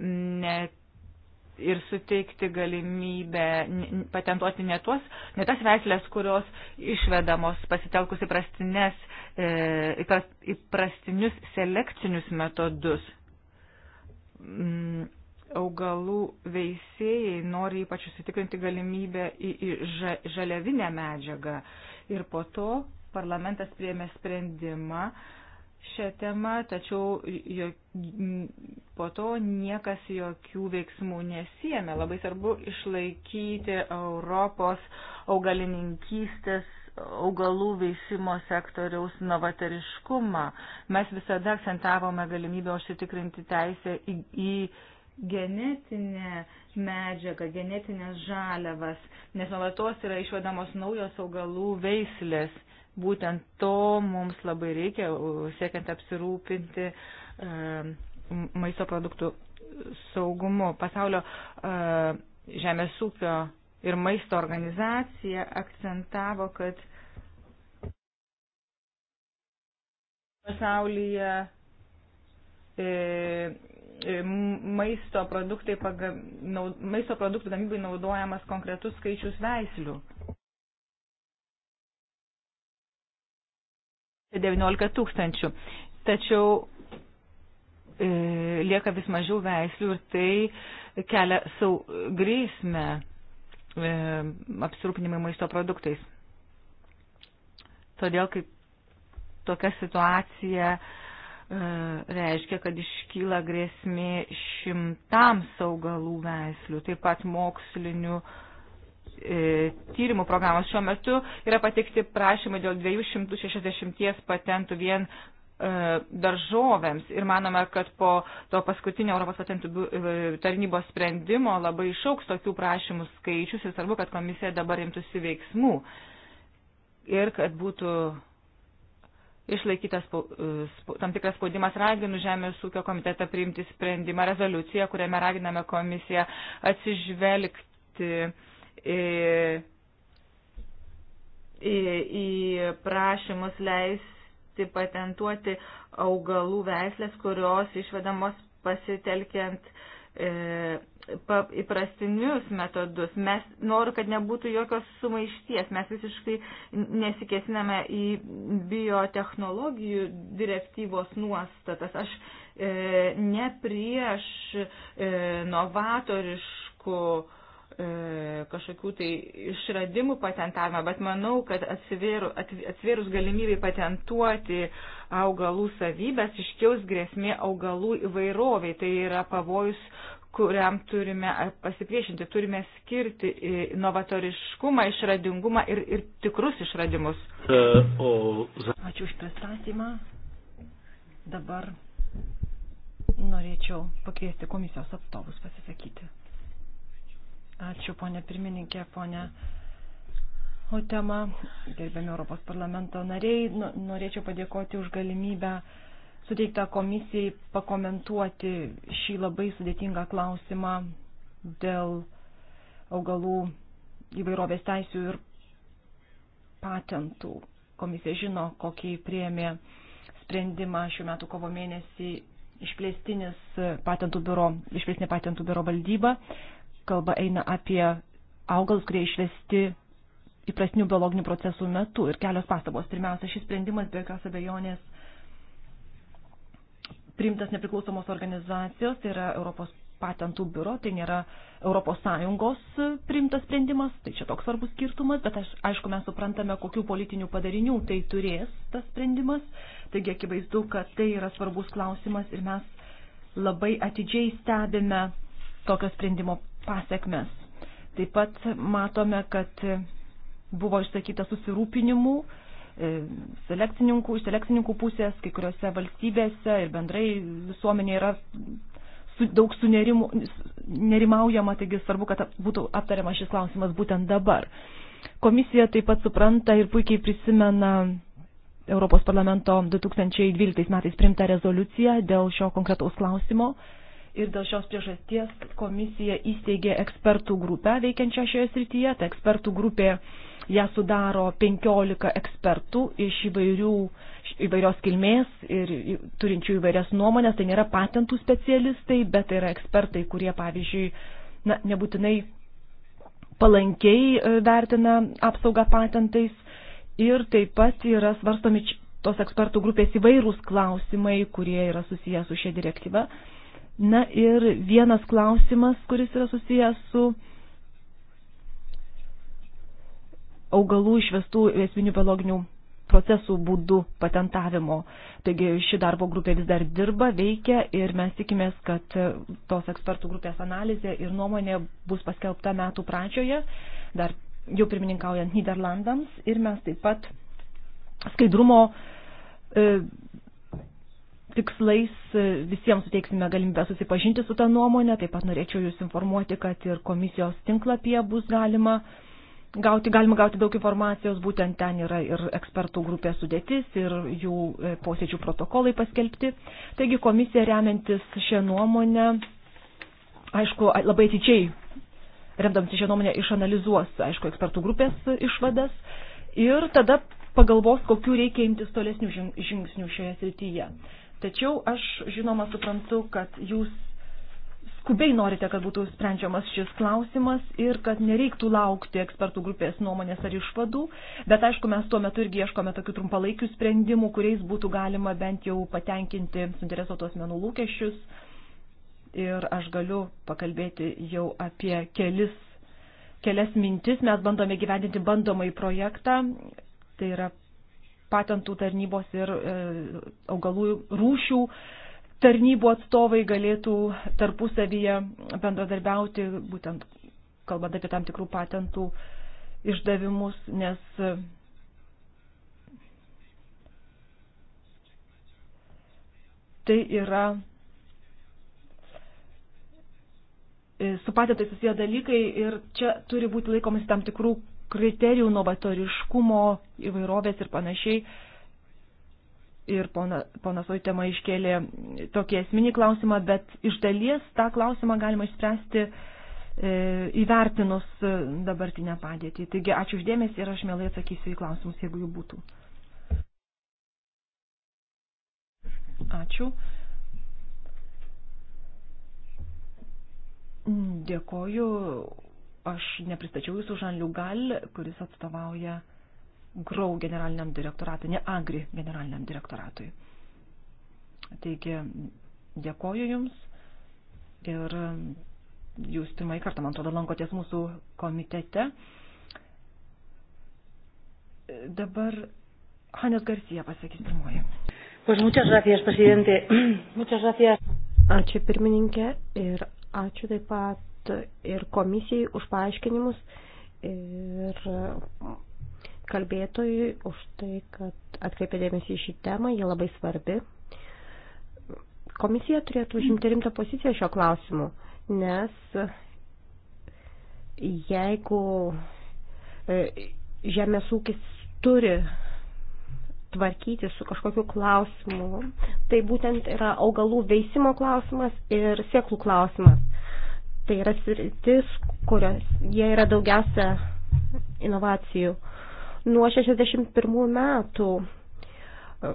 net ir suteikti galimybę patentuoti ne, tuos, ne tas veislės, kurios išvedamos pasitelkus įprastines, e, įprastinius selekcinius metodus. Mm, augalų veisėjai nori ypač susitikrinti galimybę į, į ža, žaliavinę medžiagą ir po to parlamentas priėmė sprendimą, e, šią temą, tačiau jo, po to niekas jokių veiksmų nesijėmė. Labai svarbu išlaikyti Europos augalininkystės augalų veisimo sektoriaus novatariškumą. Mes visada akcentavome galimybę užsitikrinti teisę į, į genetinę medžiagą, genetinės žaliavas, nes nuolatos yra išvedamos naujos augalų veislės Būtent to mums labai reikia, siekiant apsirūpinti e, maisto produktų saugumu. Pasaulio e, žemės ūkio ir maisto organizacija akcentavo, kad pasaulyje e, maisto, produktai, maisto produktų gamybai naudojamas konkretus skaičius veislių. 19 tūkstančių. Tačiau e, lieka vis mažiau veislių ir tai kelia sau grėsmę e, apsirūpinimui maisto produktais. Todėl, kaip tokia situacija e, reiškia, kad iškyla grėsmė šimtams augalų veislių, taip pat mokslinių e, E, tyrimų programos. Šiuo metu yra pateikti prašymai dėl 260 patentų vien e, daržovėms ir manome, kad po to paskutinio Europos patentų e, tarnybos sprendimo labai išauks tokių prašymų skaičius ir svarbu, kad komisija dabar imtųsi veiksmų ir kad būtų išlaikytas tam tikras spaudimas raginu Žemės ūkio komitetą priimti sprendimą rezoliuciją, kuriame raginame komisiją atsižvelgti į, į prašymus leisti patentuoti augalų veislės, kurios išvedamos pasitelkiant e, pa, įprastinius metodus. Mes noriu, kad nebūtų jokios sumaišties. Mes visiškai nesikesiname į biotehnologijų direktyvos nuostatas. Aš e, ne prieš e, novatoriškų E, kažkokių tai išradimų patentavimą, bet manau, kad atsivėru, atsivėrus galimybėj patentuoti augalų savybės iškils grėsmė augalų įvairoviai. Tai yra pavojus, kuriam turime pasipriešinti, turime skirti e, novatoriškumą, išradingumą ir, ir tikrus išradimus. E, Ačiū už pristatymą. Dabar norėčiau pakviesti komisijos atstovus pasisakyti. Ačiū, ponė pirmininkė, ponė Otema, gerbiami Europos parlamento nariai. Nu, norėčiau padėkoti už galimybę suteiktą komisijai pakomentuoti šį labai sudėtingą klausimą dėl augalų įvairovės teisių ir patentų. Komisija žino, kokį priėmė sprendimą šiuo metu kovo mėnesį išplėstinis patentų biuro, išplėstinė patentų biuro valdyba kalba eina apie augalus, kurie išvesti įprastinių biologinių procesų metu. Ir kelios pastabos. Pirmiausia, šis sprendimas be jokios abejonės priimtas nepriklausomos organizacijos, tai yra Europos patentų biuro, tai nėra Europos Sąjungos priimtas sprendimas, tai čia toks svarbus skirtumas, bet aš, aišku, mes suprantame, kokių politinių padarinių tai turės tas sprendimas, taigi akivaizdu, kad tai yra svarbus klausimas ir mes labai atidžiai stebime tokio sprendimo pasiekmes. Taip pat matome, kad buvo išsakyta susirūpinimų e, selekcininkų, iš selekcininkų pusės, kai kuriuose valstybėse ir bendrai visuomenė yra su, daug sunerimaujama, taigi svarbu, kad būtų aptariama šis klausimas būtent dabar. Komisija taip pat supranta ir puikiai prisimena Europos parlamento 2012 metais primtą rezoliuciją dėl šio konkretaus klausimo ir dėl šios priežasties komisija įsteigė ekspertų grupę veikiančią šioje srityje. Ta ekspertų grupė ją sudaro 15 ekspertų iš įvairių, įvairios kilmės ir turinčių įvairias nuomonės. Tai nėra patentų specialistai, bet tai yra ekspertai, kurie, pavyzdžiui, na, nebūtinai palankiai e, vertina apsaugą patentais. Ir taip pat yra svarstomi tos ekspertų grupės įvairūs klausimai, kurie yra susijęs su šia direktyva. Uh, Na ir vienas klausimas, kuris yra susijęs su augalų išvestų esminių biologinių procesų būdu patentavimo. Taigi ši darbo grupė vis dar dirba, veikia ir mes tikimės, kad tos ekspertų grupės analizė ir nuomonė bus paskelbta metų pradžioje, dar jau pirmininkaujant Niderlandams ir mes taip pat skaidrumo e, tikslais e, visiems suteiksime galimybę susipažinti su tą nuomonę. Taip pat norėčiau Jūs informuoti, kad ir komisijos tinklapyje bus galima gauti, galima gauti daug informacijos, būtent ten yra ir ekspertų grupės sudėtis, ir jų e, posėdžių protokolai paskelbti. Taigi komisija remiantis šią nuomonę, aišku, labai atidžiai remdamasi šią nuomonę išanalizuos, aišku, ekspertų grupės išvadas ir tada pagalvos, kokiu reikia imtis tolesnių žingsnių šioje srityje. Tačiau aš žinoma suprantu, kad jūs skubiai norite, kad būtų sprendžiamas šis klausimas ir kad nereiktų laukti ekspertų grupės nuomonės ar išvadų, bet aišku, mes tuo metu irgi ieškome tokių trumpalaikių sprendimų, kuriais būtų galima bent jau patenkinti suinteresuotos menų lūkesčius. Ir aš galiu pakalbėti jau apie kelis, kelias mintis. Mes bandome gyvendinti bandomąjį projektą, tai yra patentų tarnybos ir e, augalų rūšių tarnybų atstovai galėtų tarpusavyje bendradarbiauti, būtent kalbant apie tam tikrų patentų išdavimus, nes e, tai yra e, su patentais susiję dalykai ir čia turi būti laikomas tam tikrų kriterijų, novatoriškumo, įvairovės ir panašiai. Ir ponas pana Oitema iškėlė tokį esminį klausimą, bet iš dalies tą klausimą galima išspręsti e, įvertinus e, dabartinę padėtį. Taigi ačiū uždėmesi ir aš mielai atsakysiu į klausimus, jeigu jų būtų. Ačiū. Dėkoju Aš nepristačiau jūsų Žanlių Gal, kuris atstovauja Grau generaliniam direktoratui, ne Agri generaliniam direktoratui. Taigi, dėkoju Jums ir Jūs pirmąjį kartą, man atrodo, lankotės mūsų komitete. Dabar Hanės Garcija pasakys pirmoji. Pues muchas gracias, presidente. Muchas gracias. Ačiū pirmininkė ir ačiū taip pat ir komisijai už paaiškinimus ir kalbėtojui už tai, kad atkreipė dėmesį į šį temą, ji labai svarbi. Komisija turėtų užimti rimtą poziciją šio klausimu, nes jeigu e, žemės ūkis turi tvarkyti su kažkokiu klausimu, tai būtent yra augalų veisimo klausimas ir sėklų klausimas. Tai yra sritis, kurios jie yra daugiausia inovacijų. Nuo 61 metų e,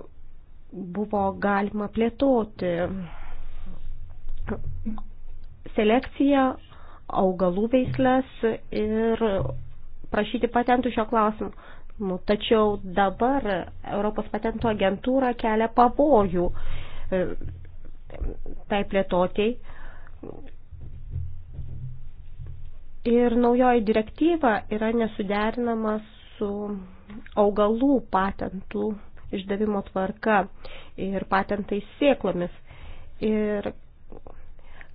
buvo galima plėtoti selekciją, augalų veislės ir prašyti patentų šio klausimu. Nu, tačiau dabar Europos patentų agentūra kelia pavojų e, tai plėtotiai, Ir naujoji direktyva yra nesuderinama su augalų patentų išdavimo tvarka ir patentais sėklomis. Ir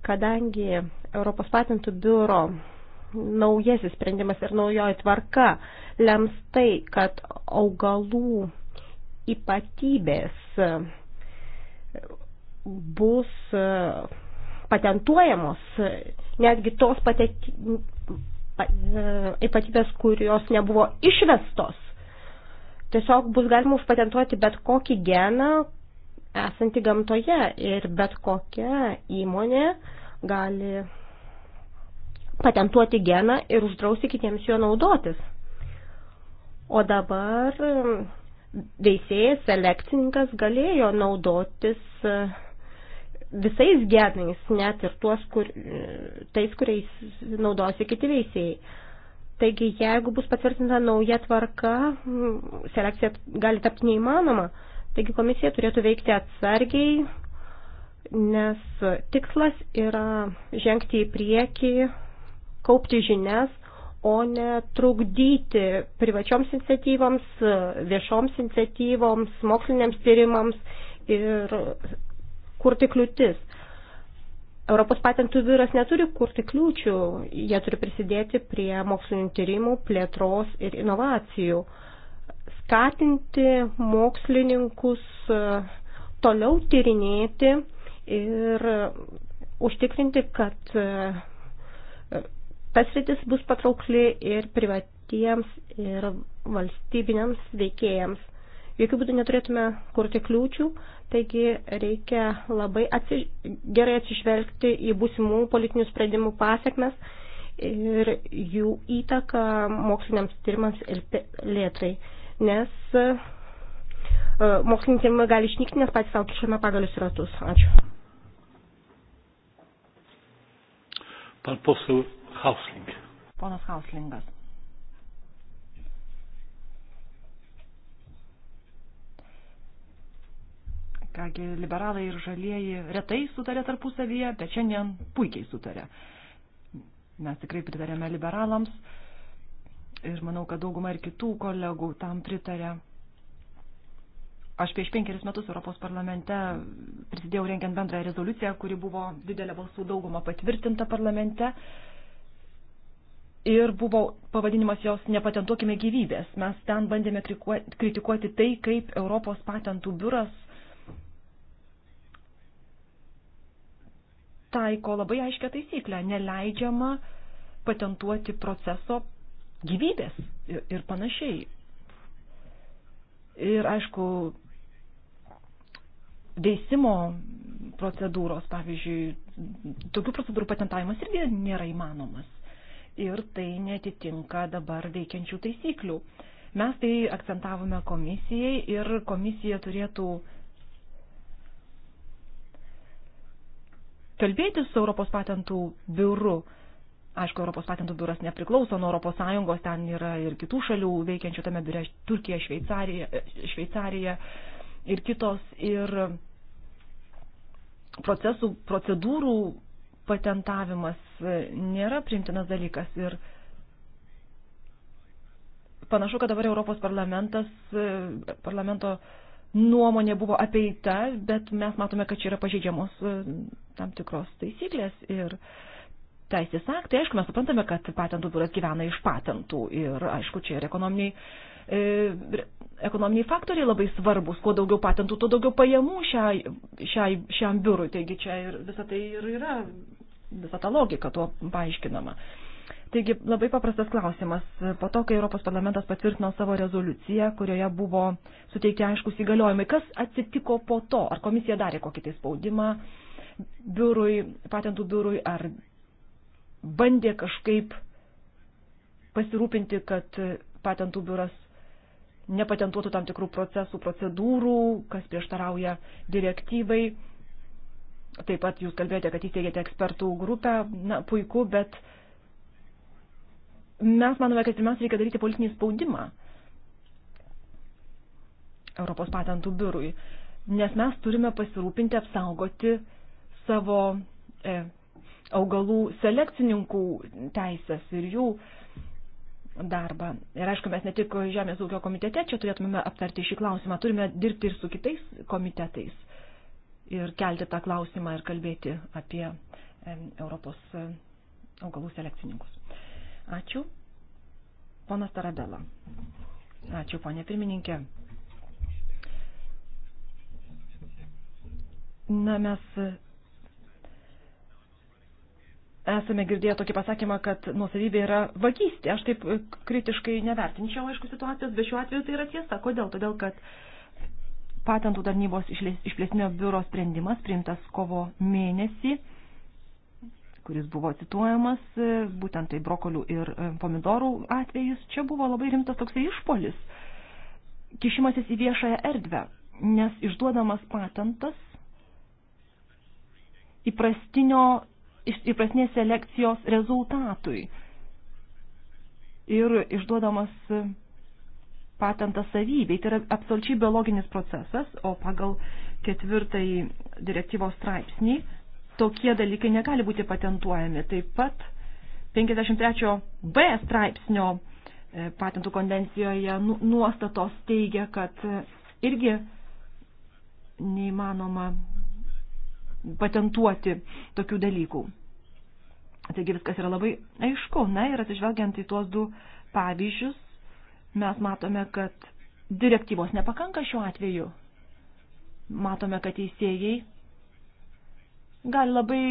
kadangi Europos patentų biuro naujasis sprendimas ir naujoji tvarka lems tai, kad augalų ypatybės bus patentuojamos, netgi tos E, ypatybės, kurios nebuvo išvestos. Tiesiog bus galima užpatentuoti bet kokį geną esantį gamtoje ir bet kokia įmonė gali patentuoti geną ir uždrausti kitiems juo naudotis. O dabar veisėjas, selekcininkas galėjo naudotis uh, visais genais, net ir tuos, kur, tais, kuriais naudosi kiti veisėjai. Taigi, jeigu bus patvirtinta nauja tvarka, selekcija gali tapti neįmanoma. Taigi, komisija turėtų veikti atsargiai, nes tikslas yra žengti į priekį, kaupti žinias, o ne trukdyti privačioms iniciatyvams, viešoms iniciatyvoms, moksliniams tyrimams ir kurti kliūtis. Europos patentų biuras neturi kurti kliūčių, jie turi prisidėti prie mokslinių tyrimų, plėtros ir inovacijų, skatinti mokslininkus e, toliau tyrinėti ir užtikrinti, kad e, tas rytis bus patraukli ir privatiems, ir valstybiniams veikėjams jokių būdų neturėtume kurti kliūčių, taigi reikia labai atsiž... gerai atsižvelgti į būsimų politinių sprendimų pasiekmes ir jų įtaką moksliniams tyrimams ir lėtrai, nes e, moksliniai tyrimai gali išnykti, nes patys savo kišame pagalius ratus. Ačiū. Pan posel Hausling. Ponas Hauslingas. Kągi, liberalai ir žalieji retai sutarė tarpusavyje, bet šiandien puikiai sutarė. Mes tikrai pritarėme liberalams ir manau, kad dauguma ir kitų kolegų tam pritarė. Aš prieš penkeris metus Europos parlamente prisidėjau rengiant bendrą rezoliuciją, kuri buvo didelė balsų dauguma patvirtinta parlamente. Ir buvo pavadinimas jos Nepatentuokime gyvybės. Mes ten bandėme kritikuoti tai, kaip Europos patentų biuras taiko labai aiškę taisyklę - neleidžiama patentuoti proceso gyvybės ir, ir panašiai. Ir aišku, veisimo procedūros, pavyzdžiui, tokių procedūrų patentavimas irgi nėra įmanomas. Ir tai netitinka dabar veikiančių taisyklių. Mes tai akcentavome komisijai ir komisija turėtų uh, kalbėti su Europos patentų biuru. Aišku, Europos patentų biuras nepriklauso nuo Europos Sąjungos, ten yra ir kitų šalių veikiančių tame biure, Turkija, Šveicarija, Šveicarija ir kitos. Ir procesų, procedūrų patentavimas e, nėra primtinas dalykas. Ir panašu, kad dabar Europos parlamentas, e, parlamento nuomonė buvo apeita, bet mes matome, kad čia yra pažeidžiamos e, tam tikros taisyklės ir teisės aktai. Aišku, mes suprantame, kad patentų biuras gyvena iš patentų ir, aišku, čia yra ekonominiai. E, ekonominiai faktoriai labai svarbus, kuo daugiau patentų, tuo daugiau pajamų šiai, šiai, šiam biurui. Taigi čia ir visą tai ir yra, visa ta logika tuo paaiškinama. E, Taigi labai paprastas klausimas. Po to, kai Europos parlamentas patvirtino savo rezoliuciją, kurioje buvo suteikę aiškus įgaliojimai, kas atsitiko po to? Ar komisija darė kokį tai spaudimą biurui, patentų biurui, ar bandė kažkaip pasirūpinti, kad patentų biuras nepatentuotų tam tikrų procesų, procedūrų, kas prieštarauja direktyvai. Taip pat jūs kalbėjote, kad įsteigėte ekspertų grupę, na puiku, bet uh, mes manome, kad pirmiausia reikia daryti politinį spaudimą Europos patentų biurui, nes mes turime pasirūpinti apsaugoti savo e, augalų selekcininkų teisės ir jų darbą. Ir aišku, mes ne tik Žemės ūkio komitete čia turėtume aptarti šį klausimą, turime dirbti ir su kitais komitetais ir kelti tą klausimą ir kalbėti apie Europos e, augalų selekcininkus. Ačiū. Ponas Tarabela. Ačiū, ponė pirmininkė. Na, mes esame girdėję tokį pasakymą, kad nuosavybė yra vagystė. Aš taip kritiškai nevertinčiau, aišku, situacijos, bet šiuo atveju tai yra tiesa. Kodėl? Todėl, kad patentų tarnybos išplėsnio biuro sprendimas priimtas kovo mėnesį kuris buvo cituojamas, e, būtent tai brokolių ir e, pomidorų atvejis, čia buvo labai rimtas toksai išpolis, kišimasis į viešąją erdvę, nes išduodamas patentas įprastinio, įprastinės selekcijos rezultatui ir išduodamas e, patentas savybei. Tai yra absoliučiai biologinis procesas, o pagal ketvirtąjį direktyvos straipsnį tokie dalykai negali būti patentuojami. Taip pat 53b straipsnio e, patentų konvencijoje nu, nuostatos teigia, kad e, irgi neįmanoma patentuoti tokių dalykų. Taigi viskas yra labai aišku. Na ir atsižvelgiant į tuos du pavyzdžius, mes matome, kad direktyvos nepakanka šiuo atveju. Matome, kad teisėjai gali labai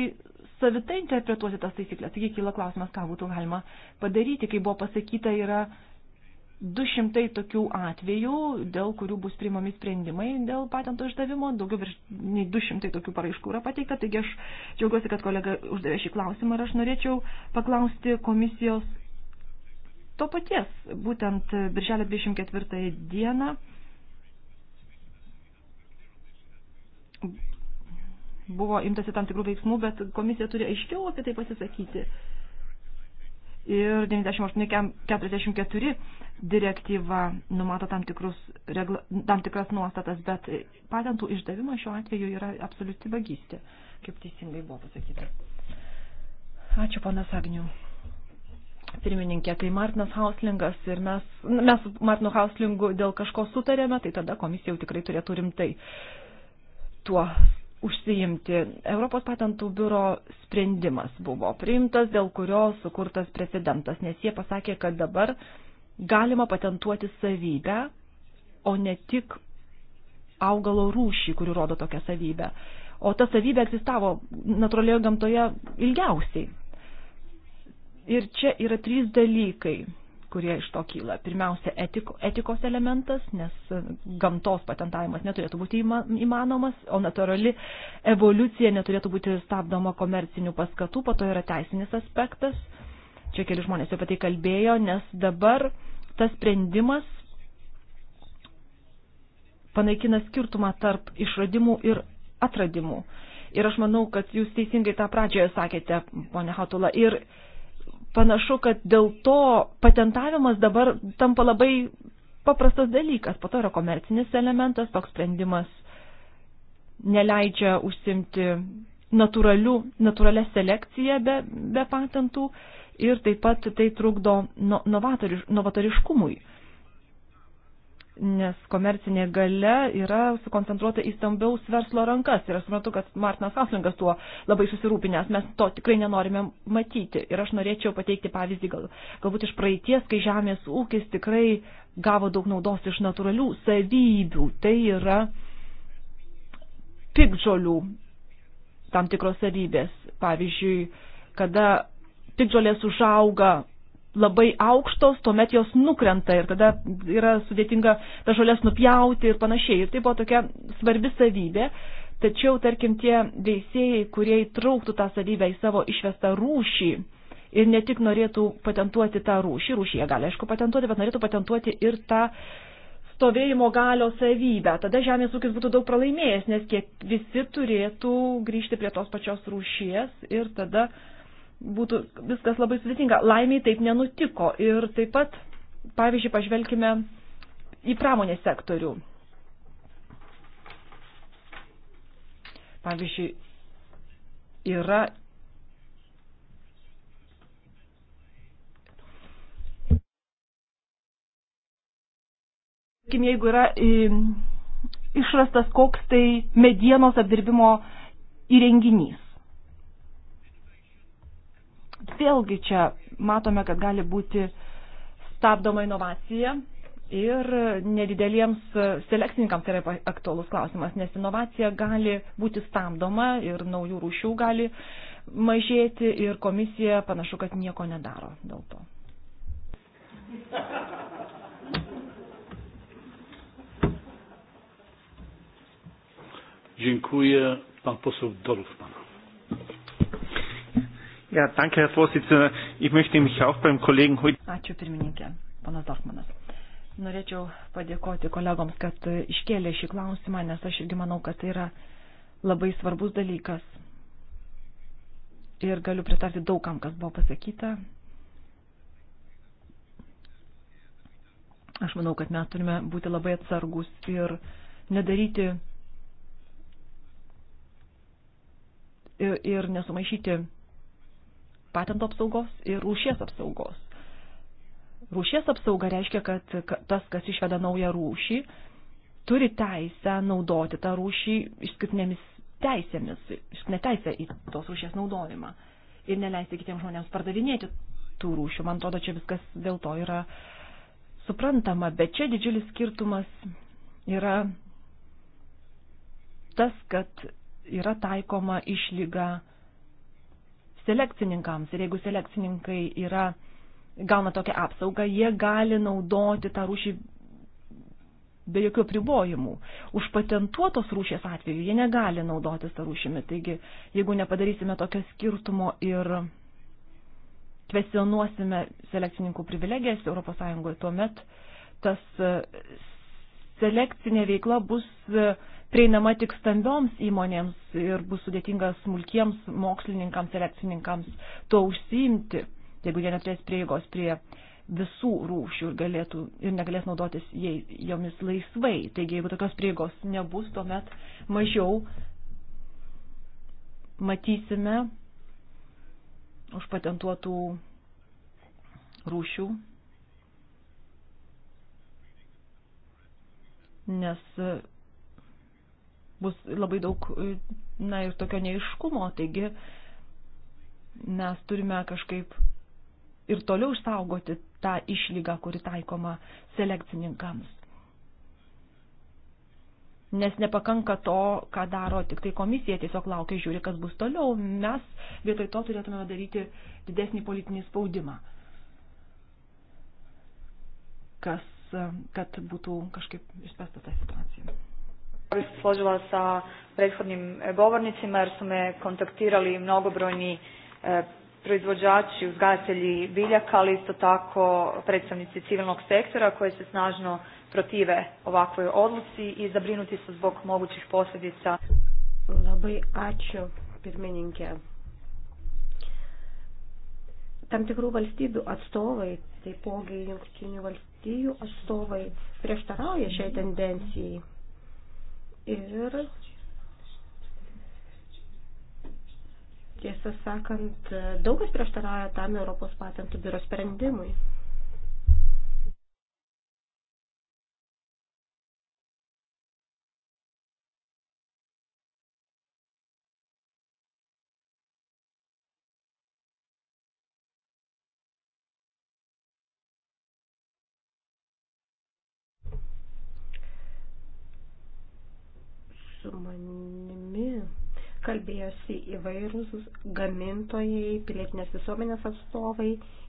savitai interpretuoti tas taisyklės. Taigi kyla klausimas, ką būtų galima padaryti, kai buvo pasakyta, yra 200 tokių atvejų, dėl kurių bus priimami sprendimai dėl patento išdavimo, daugiau virš nei 200 tokių paraiškų yra pateikta, taigi aš džiaugiuosi, kad kolega uždavė šį klausimą ir aš norėčiau paklausti komisijos to paties, būtent birželio 24 dieną buvo imtasi tam tikrų veiksmų, bet komisija turi aiškiau apie tai pasisakyti. Ir 9844 direktyva numato tam, tikrus, regla, tam tikras nuostatas, bet patentų išdavimas šiuo atveju yra absoliuti vagystė, kaip teisingai buvo pasakyta. Ačiū, panas Agniu pirmininkė, kai Martinas Hauslingas ir mes, nu, mes su Martinu Hauslingu dėl kažko sutarėme, tai tada komisija jau tikrai turėtų rimtai tuo užsiimti. Europos patentų biuro sprendimas buvo priimtas, dėl kurio sukurtas precedentas, nes jie pasakė, kad dabar galima patentuoti savybę, o ne tik augalo rūšį, kuri rodo tokią savybę. O ta savybė egzistavo natūralioje gamtoje ilgiausiai. Ir čia yra trys dalykai kurie iš to kyla. Pirmiausia, etiko, etikos elementas, nes e, gamtos patentavimas neturėtų būti įmanomas, o natūrali evoliucija neturėtų būti stabdoma komercinių paskatų, po to yra teisinis aspektas. Čia keli žmonės apie tai kalbėjo, nes dabar tas sprendimas panaikina skirtumą tarp išradimų ir atradimų. Ir aš manau, kad jūs teisingai tą pradžioje sakėte, ponia Hatula. Ir panašu, kad dėl to patentavimas dabar tampa labai paprastas dalykas. Po to yra komercinis elementas, toks sprendimas neleidžia užsimti natūralią selekciją be, be patentų ir taip pat tai trukdo novatoriš, novatoriškumui nes komercinė gale yra sukoncentruota į stambiaus verslo rankas. Ir aš suprantu, kad Martinas Haslingas tuo labai susirūpinęs, mes to tikrai nenorime matyti. Ir aš norėčiau pateikti pavyzdį gal, galbūt iš praeities, kai žemės ūkis tikrai gavo daug naudos iš natūralių savybių. Tai yra pikdžolių tam tikros savybės. Pavyzdžiui, kada pikdžolės užauga labai aukštos, tuomet jos nukrenta ir tada yra sudėtinga tas žolės nupjauti ir panašiai. Ir tai buvo tokia svarbi savybė. Tačiau, tarkim, tie veisėjai, kurie įtrauktų tą savybę į savo išvestą rūšį ir ne tik norėtų patentuoti tą rūšį, rūšį jie gali, aišku, patentuoti, bet norėtų patentuoti ir tą stovėjimo galio savybę. Tada žemės ūkis būtų daug pralaimėjęs, nes kiek visi turėtų grįžti prie tos pačios rūšies ir tada uh, būtų viskas labai sudėtinga. Laimiai taip nenutiko. Ir taip pat, pavyzdžiui, pažvelkime į pramonės sektorių. Pavyzdžiui, yra Sakykim, jeigu yra i, išrastas koks tai medienos apdirbimo įrenginys vėlgi čia matome, kad gali būti stabdoma inovacija ir nedideliems selekcininkams tai yra aktuolus klausimas, nes inovacija gali būti stabdoma ir naujų rūšių gali mažėti ir komisija panašu, kad nieko nedaro dėl to. Dziękuję. Pan poseł Dorfman. Ja, danke, Herr Vorsitzender. Ich möchte mich auch beim Kollegen heute. Ačiū pirmininkė, panas Dorfmanas. Norėčiau padėkoti kolegoms, kad iškėlė šį klausimą, nes aš irgi manau, kad tai yra labai svarbus dalykas. Ir galiu pritarti daugam, kas buvo pasakyta. Aš manau, kad mes turime būti labai atsargus ir nedaryti ir, ir nesumaišyti patento apsaugos ir rūšies apsaugos. Rūšies apsauga reiškia, kad tas, kas išveda naują rūšį, turi teisę naudoti tą rūšį išskirtinėmis teisėmis, išskirtinę teisę į tos rūšies naudojimą ir neleisti kitiems žmonėms pardavinėti tų rūšių. Man atrodo, čia viskas dėl to yra suprantama, bet čia didžiulis skirtumas yra tas, kad yra taikoma išlyga selekcininkams. Ir jeigu selekcininkai yra, gauna tokią apsaugą, jie gali naudoti tą rūšį be jokių pribojimų. Už patentuotos rūšės atveju jie negali naudotis tą rūšimi. Taigi, jeigu nepadarysime tokio skirtumo ir kvesionuosime selekcininkų privilegijas ES, tuomet tas e, selekcinė veikla bus uh, prieinama tik stambioms įmonėms ir bus sudėtinga smulkiems mokslininkams ir akcininkams tuo užsiimti, jeigu jie neturės prieigos prie visų rūšių ir, galėtų, ir negalės naudotis jai, jomis laisvai. Taigi, jeigu tokios prieigos nebus, tuomet mažiau matysime užpatentuotų rūšių, nes bus labai daug, na, ir tokio neiškumo, taigi mes turime kažkaip ir toliau išsaugoti tą išlygą, kuri taikoma selekcininkams. Nes nepakanka to, ką daro tik tai komisija, tiesiog laukia žiūri, kas bus toliau. Mes vietoj to turėtume daryti didesnį politinį spaudimą, kas, kad būtų kažkaip išspręsta ta situacija bih se složila sa prethodnim e, govornicima jer su me kontaktirali mnogobrojni e, proizvođači, uzgajatelji biljaka, ali isto tako predstavnici civilnog sektora koji se snažno protive ovakvoj odluci i zabrinuti su zbog mogućih posljedica. Labai ačiū, pirmininkė. Tam tikrų valstybių atstovai, taipogi jungtinių valstybių atstovai prieštarauja šiai tendencijai. Ir tiesą sakant, daug kas prieštarauja tam Europos patentų biuro sprendimui. kalbėjosi įvairūs gamintojai, pilietinės visuomenės atstovai,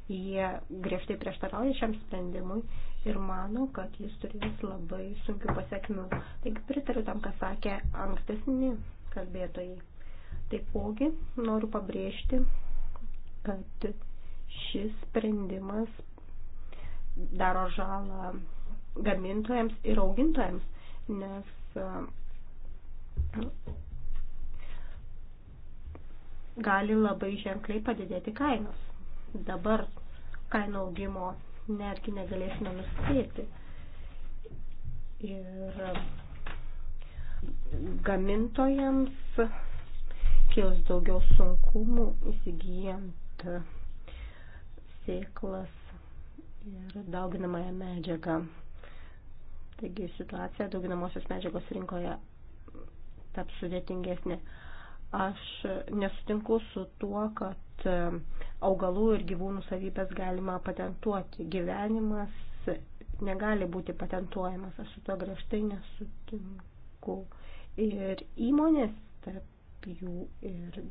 jie griežtai prieštarauja šiam sprendimui ir mano, kad jis turės labai sunkių pasiekmių. Taigi pritariu tam, ką sakė ankstesni kalbėtojai. Taipogi noriu pabrėžti, kad šis sprendimas daro žalą gamintojams ir augintojams, nes gali labai ženkliai padidėti kainos. Dabar kainų augimo netgi negalėsime nuspėti. Ir gamintojams kils daugiau sunkumų įsigijant sėklas ir dauginamąją medžiagą. Taigi situacija dauginamosios medžiagos rinkoje taps sudėtingesnė. Aš nesutinku su tuo, kad e, augalų ir gyvūnų savybės galima patentuoti. Gyvenimas negali būti patentuojamas. Aš su tuo griežtai nesutinku. Ir įmonės, tarp jų ir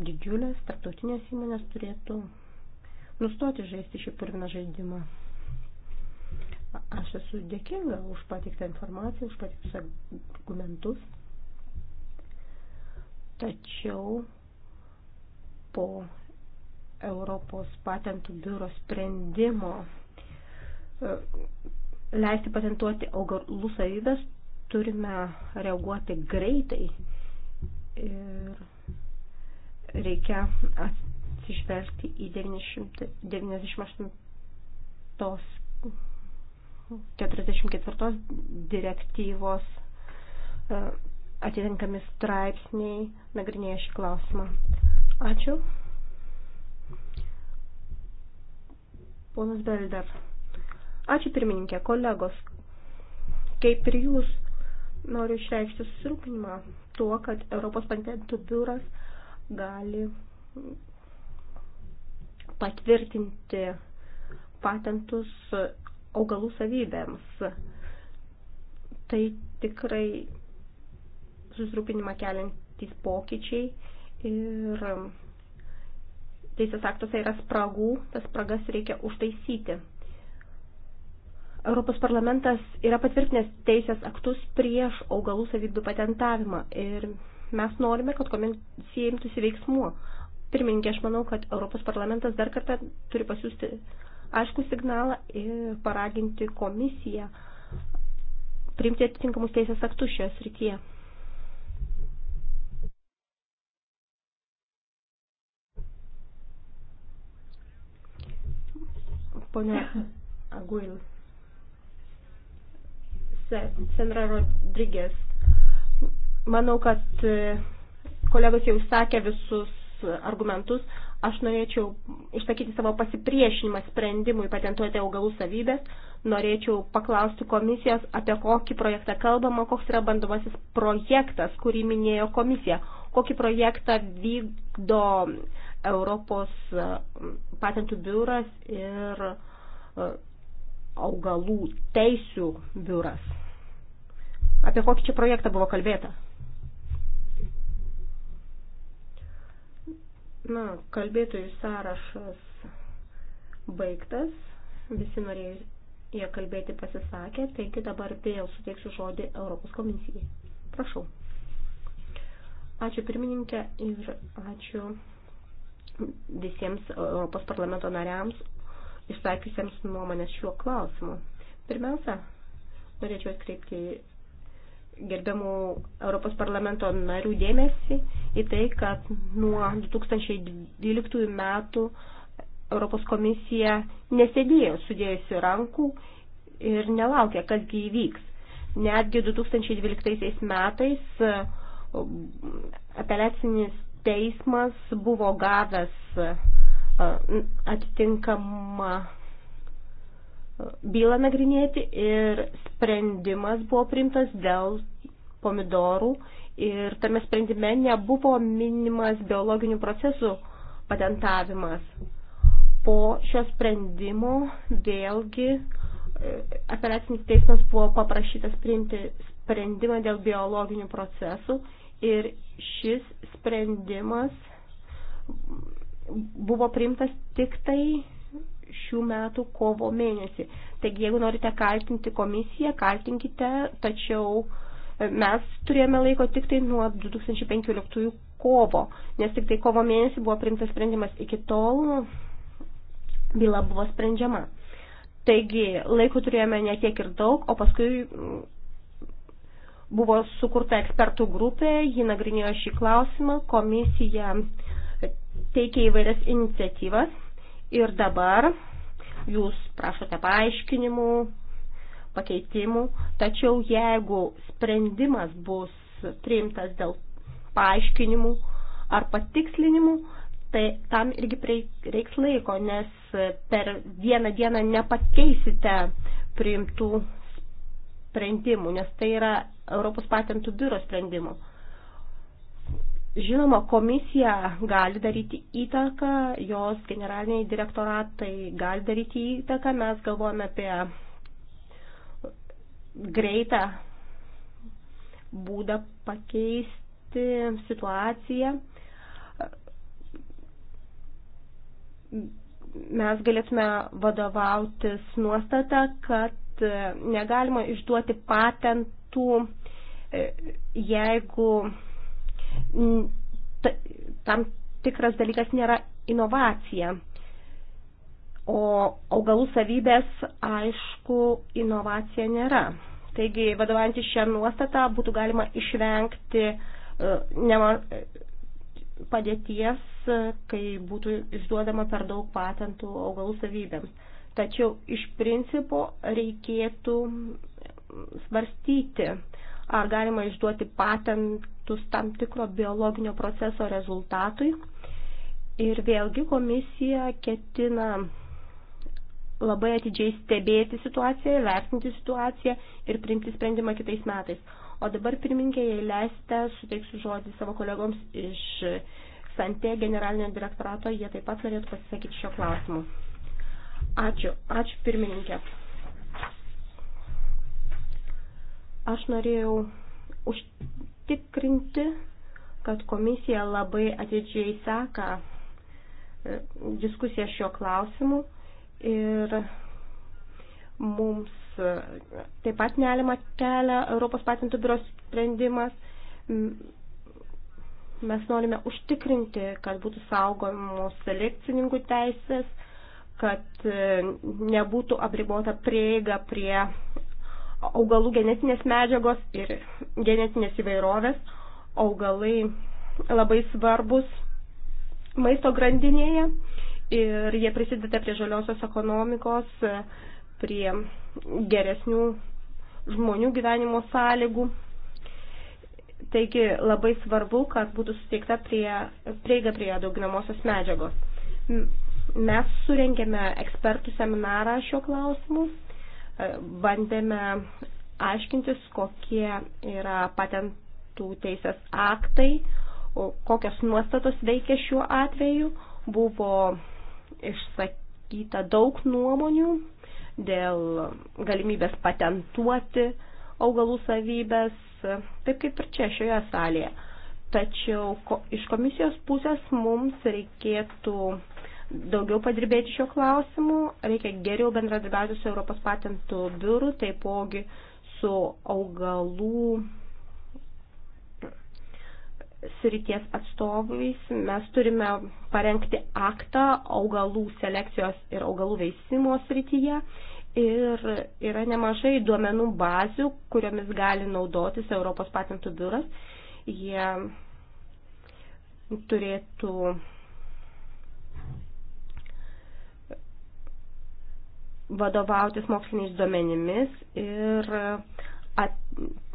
didžiulės tarptautinės įmonės turėtų nustoti žaisti šį purviną žaidimą. Aš esu dėkinga už patiktą informaciją, už patiktus argumentus. Tačiau po Europos patentų biuro sprendimo e, leisti patentuoti augalų savybės turime reaguoti greitai ir reikia atsižvelgti į 98 44 direktyvos e, atitinkami straipsniai nagrinėja šį klausimą. Ačiū. Ponas Belder. Ačiū pirmininkė, kolegos. Kaip ir jūs, noriu išreikšti susirūpinimą tuo, kad Europos patentų biuras gali patvirtinti patentus augalų savybėms. Tai tikrai susirūpinimą keliantys pokyčiai ir teisės aktuose yra spragų, tas spragas reikia užtaisyti. Europos parlamentas yra patvirtinęs teisės aktus prieš augalų savybių patentavimą ir mes norime, kad komisija imtųsi veiksmų. Pirmininkė, aš manau, kad Europos parlamentas dar kartą turi pasiūsti aišku signalą ir paraginti komisiją priimti atitinkamus teisės aktus šioje srityje. Pone Aguil. Senra Rodrygės. Manau, kad e, kolegos jau sakė visus argumentus. Aš norėčiau išsakyti savo pasipriešinimą sprendimui patentuoti augalų savybės. Norėčiau paklausti komisijos, apie kokį projektą kalbama, koks yra bandomasis projektas, kurį minėjo komisija. Kokį projektą vykdo Europos e, patentų biuras ir e, augalų teisių biuras. Apie kokį čia projektą buvo kalbėta? Na, kalbėtojų sąrašas baigtas. Visi norėjo jie kalbėti pasisakė, taigi dabar vėl suteiksiu žodį Europos komisijai. Prašau. Ačiū pirmininkė ir ačiū visiems Europos parlamento nariams išsakysiams nuomonės šiuo klausimu. Pirmiausia, norėčiau atkreipti gerbiamų Europos parlamento narių dėmesį į tai, kad nuo 2012 metų Europos komisija nesėdėjo sudėjusi rankų ir nelaukė, kasgi įvyks. Netgi 2012 metais apeliacinis teismas buvo gavęs atitinkamą bylą nagrinėti ir sprendimas buvo priimtas dėl pomidorų ir tame sprendime nebuvo minimas biologinių procesų patentavimas. Po šio sprendimo vėlgi e, apeliacinis teismas buvo paprašytas priimti sprendimą dėl biologinių procesų ir šis sprendimas buvo priimtas tik tai šių metų kovo mėnesį. Taigi, jeigu norite kaltinti komisiją, kaltinkite, tačiau e, mes turėjome laiko tik tai nuo 2015 kovo, nes tik tai kovo mėnesį buvo priimtas sprendimas, iki tol byla buvo sprendžiama. Taigi, laiko turėjome ne tiek ir daug, o paskui Buvo sukurta ekspertų grupė, ji nagrinėjo šį klausimą, komisija teikia įvairias iniciatyvas ir dabar jūs prašote paaiškinimų, pakeitimų, tačiau jeigu sprendimas bus priimtas dėl paaiškinimų ar patikslinimų, tai tam irgi reiks laiko, nes per vieną dieną nepakeisite priimtų sprendimų, nes tai yra Europos patentų biuro sprendimų. Žinoma, komisija gali daryti įtaką, jos generaliniai direktoratai gali daryti įtaką, mes galvojame apie greitą būdą pakeisti situaciją. Mes galėtume vadovautis nuostatą, kad E, negalima išduoti patentų, e, jeigu tam tikras dalykas nėra inovacija. O augalų savybės, aišku, inovacija nėra. Taigi, vadovaujantį šią nuostatą būtų galima išvengti e, nema, padėties, kai būtų išduodama per daug patentų augalų savybėms. Tačiau iš principo reikėtų svarstyti, ar galima išduoti patentus tam tikro biologinio proceso rezultatui. Ir vėlgi komisija ketina labai atidžiai stebėti situaciją, vertinti situaciją ir priimti sprendimą kitais metais. O dabar, pirmininkė, jei leisite, suteiksiu žodį savo kolegoms iš Santė generalinio direktorato, jie taip pat norėtų pasisakyti šio klausimu. Ačiū, ačiū pirmininkė. Aš norėjau užtikrinti, kad komisija labai atidžiai seka e, diskusiją šio klausimu ir mums e, taip pat nelima kelia Europos patentų biuro sprendimas. Mes norime užtikrinti, kad būtų saugomos selekcininkų teisės kad e, nebūtų apribota prieiga prie augalų genetinės medžiagos ir genetinės įvairovės. Augalai labai svarbus maisto grandinėje ir jie prisideda prie žaliosios ekonomikos, prie geresnių žmonių gyvenimo sąlygų. Taigi labai svarbu, kad būtų suteikta prie, prieiga prie dauginamosios medžiagos. Mes surengėme ekspertų seminarą šiuo klausimu, e, bandėme aiškintis, kokie yra patentų teisės aktai, kokios nuostatos veikia šiuo atveju. Buvo išsakyta daug nuomonių dėl galimybės patentuoti augalų savybės, e, taip kaip ir čia šioje salėje. Tačiau ko, iš komisijos pusės mums reikėtų daugiau padirbėti šio klausimu, reikia geriau bendradarbiauti su Europos patentų biuru, taipogi su augalų srities atstovais. Mes turime parengti aktą augalų selekcijos ir augalų veisimo srityje. Ir yra nemažai duomenų bazių, kuriomis gali naudotis Europos patentų biuras. Jie turėtų vadovautis moksliniais duomenimis ir at,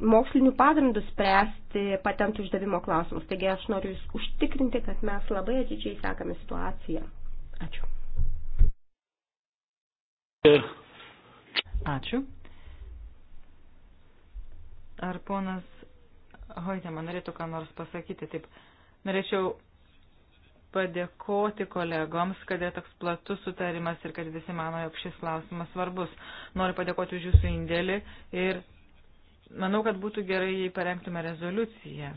mokslinių pagrindų spręsti patentų išdavimo klausimus. Taigi aš noriu Jūs užtikrinti, kad mes labai atidžiai sekame situaciją. Ačiū. Ačiū. Ar ponas Hoitė man norėtų ką nors pasakyti? Taip, norėčiau padėkoti kolegoms, kad yra toks platus sutarimas ir kad visi mano, jog šis klausimas svarbus. Noriu padėkoti už jūsų indėlį ir manau, kad būtų gerai, jei parengtume rezoliuciją,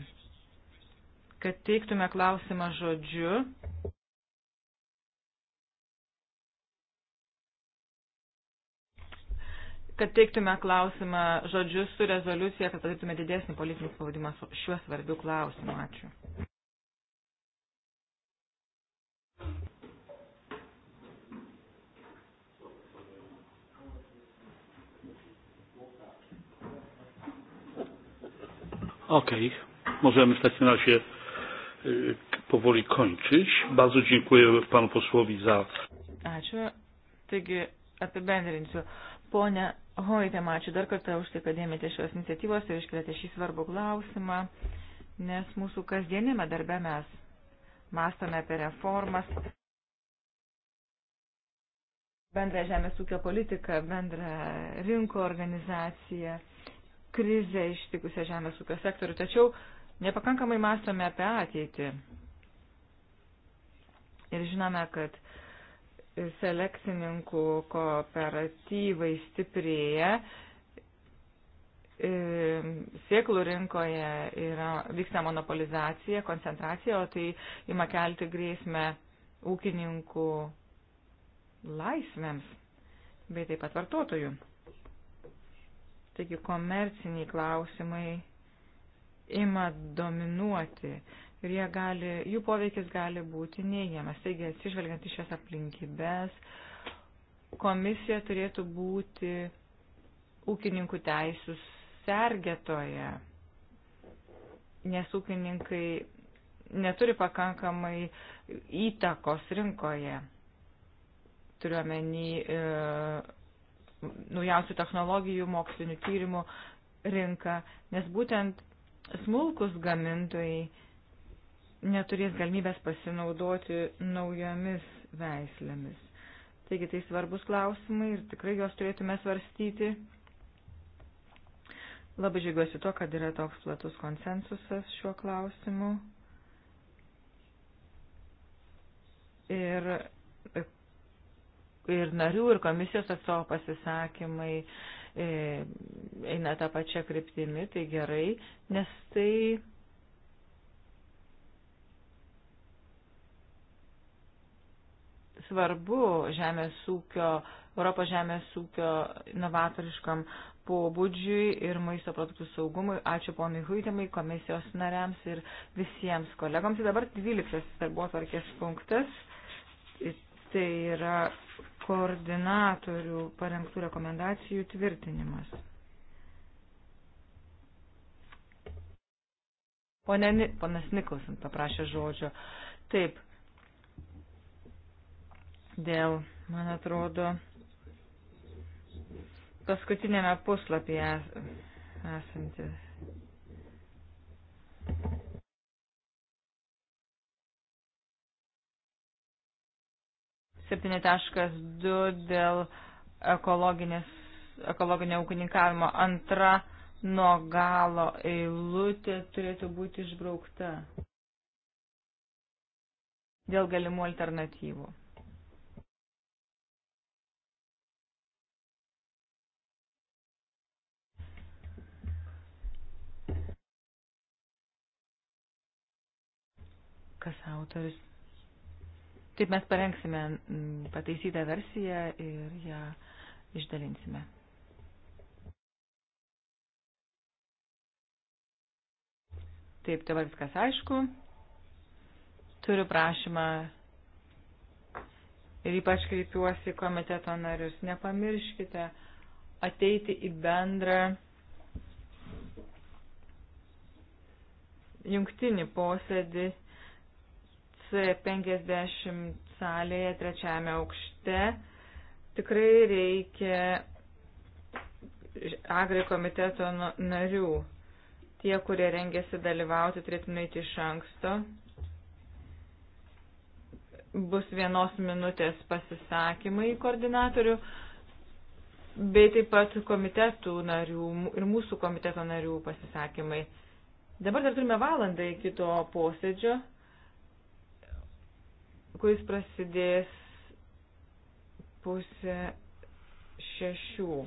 kad teiktume klausimą žodžiu. kad teiktume klausimą žodžius su rezoliucija, kad padarytume didesnį politinį spaudimą šiuo svarbiu klausimu. Ačiū. Okej, okay. możemy w takim razie powoli kończyć. Bardzo dziękuję panu posłowi za. Ačiū. Taigi apibendrinsiu. Pone Hoitė, ačiū dar kartą už tai, kad ėmėte šios iniciatyvos ir iškvietė šį svarbų klausimą, nes mūsų kasdienime darbe mes mąstome apie reformas, bendrą žemės ūkio politiką, bendrą rinko organizaciją krizę ištikusią žemės ūkio sektorių, tačiau nepakankamai mąstome apie ateitį. Ir žinome, kad selekcininkų kooperatyvai stiprėja, e, sėklų rinkoje yra, vyksta monopolizacija, koncentracija, o tai ima kelti grėsmę ūkininkų laisvėms bei taip pat vartotojų. Taigi komerciniai klausimai ima dominuoti ir jie gali, jų poveikis gali būti neįjamas. Taigi, atsižvelgiant į šias aplinkybės, komisija turėtų būti ūkininkų teisų sergėtoje, nes ūkininkai neturi pakankamai įtakos rinkoje. Turiuomenį e, naujausių technologijų, mokslinių tyrimų rinką, nes būtent smulkus gamintojai neturės galimybės pasinaudoti naujomis veislėmis. Taigi tai svarbus klausimai ir tikrai juos turėtume svarstyti. Labai žiūrėsiu to, kad yra toks platus konsensusas šiuo klausimu. Ir ir narių, ir komisijos atstovo pasisakymai e, eina tą pačią kryptimį, tai gerai, nes tai. Svarbu žemės ūkio, Europos žemės ūkio novatoriškam pobūdžiui ir maisto produktų saugumui. Ačiū ponui Huitimai, komisijos nariams ir visiems kolegams. Tai dabar 12 darbo tvarkės punktas. Tai yra koordinatorių parengtų rekomendacijų tvirtinimas. Pone, ponas Niklasin paprašė žodžio. Taip. Dėl, man atrodo, paskutinėme puslapyje esantis. 7.2 dėl ekologinio ūkininkavimo antra nuo galo eilutė turėtų būti išbraukta dėl galimų alternatyvų. Kas autorius Taip mes parengsime mm, pataisytą versiją ir ją išdalinsime. Taip, dabar viskas aišku. Turiu prašymą ir ypač kreipiuosi komiteto narius. Nepamirškite ateiti į bendrą jungtinį posėdį 50 salėje, trečiame aukšte. Tikrai reikia agri komiteto narių. Tie, kurie rengėsi dalyvauti, turėtų nueiti iš anksto. Bus vienos minutės pasisakymai koordinatorių, bei taip pat komitetų narių ir mūsų komiteto narių pasisakymai. Dabar dar turime valandą iki to posėdžio kuris prasidės pusę šešių.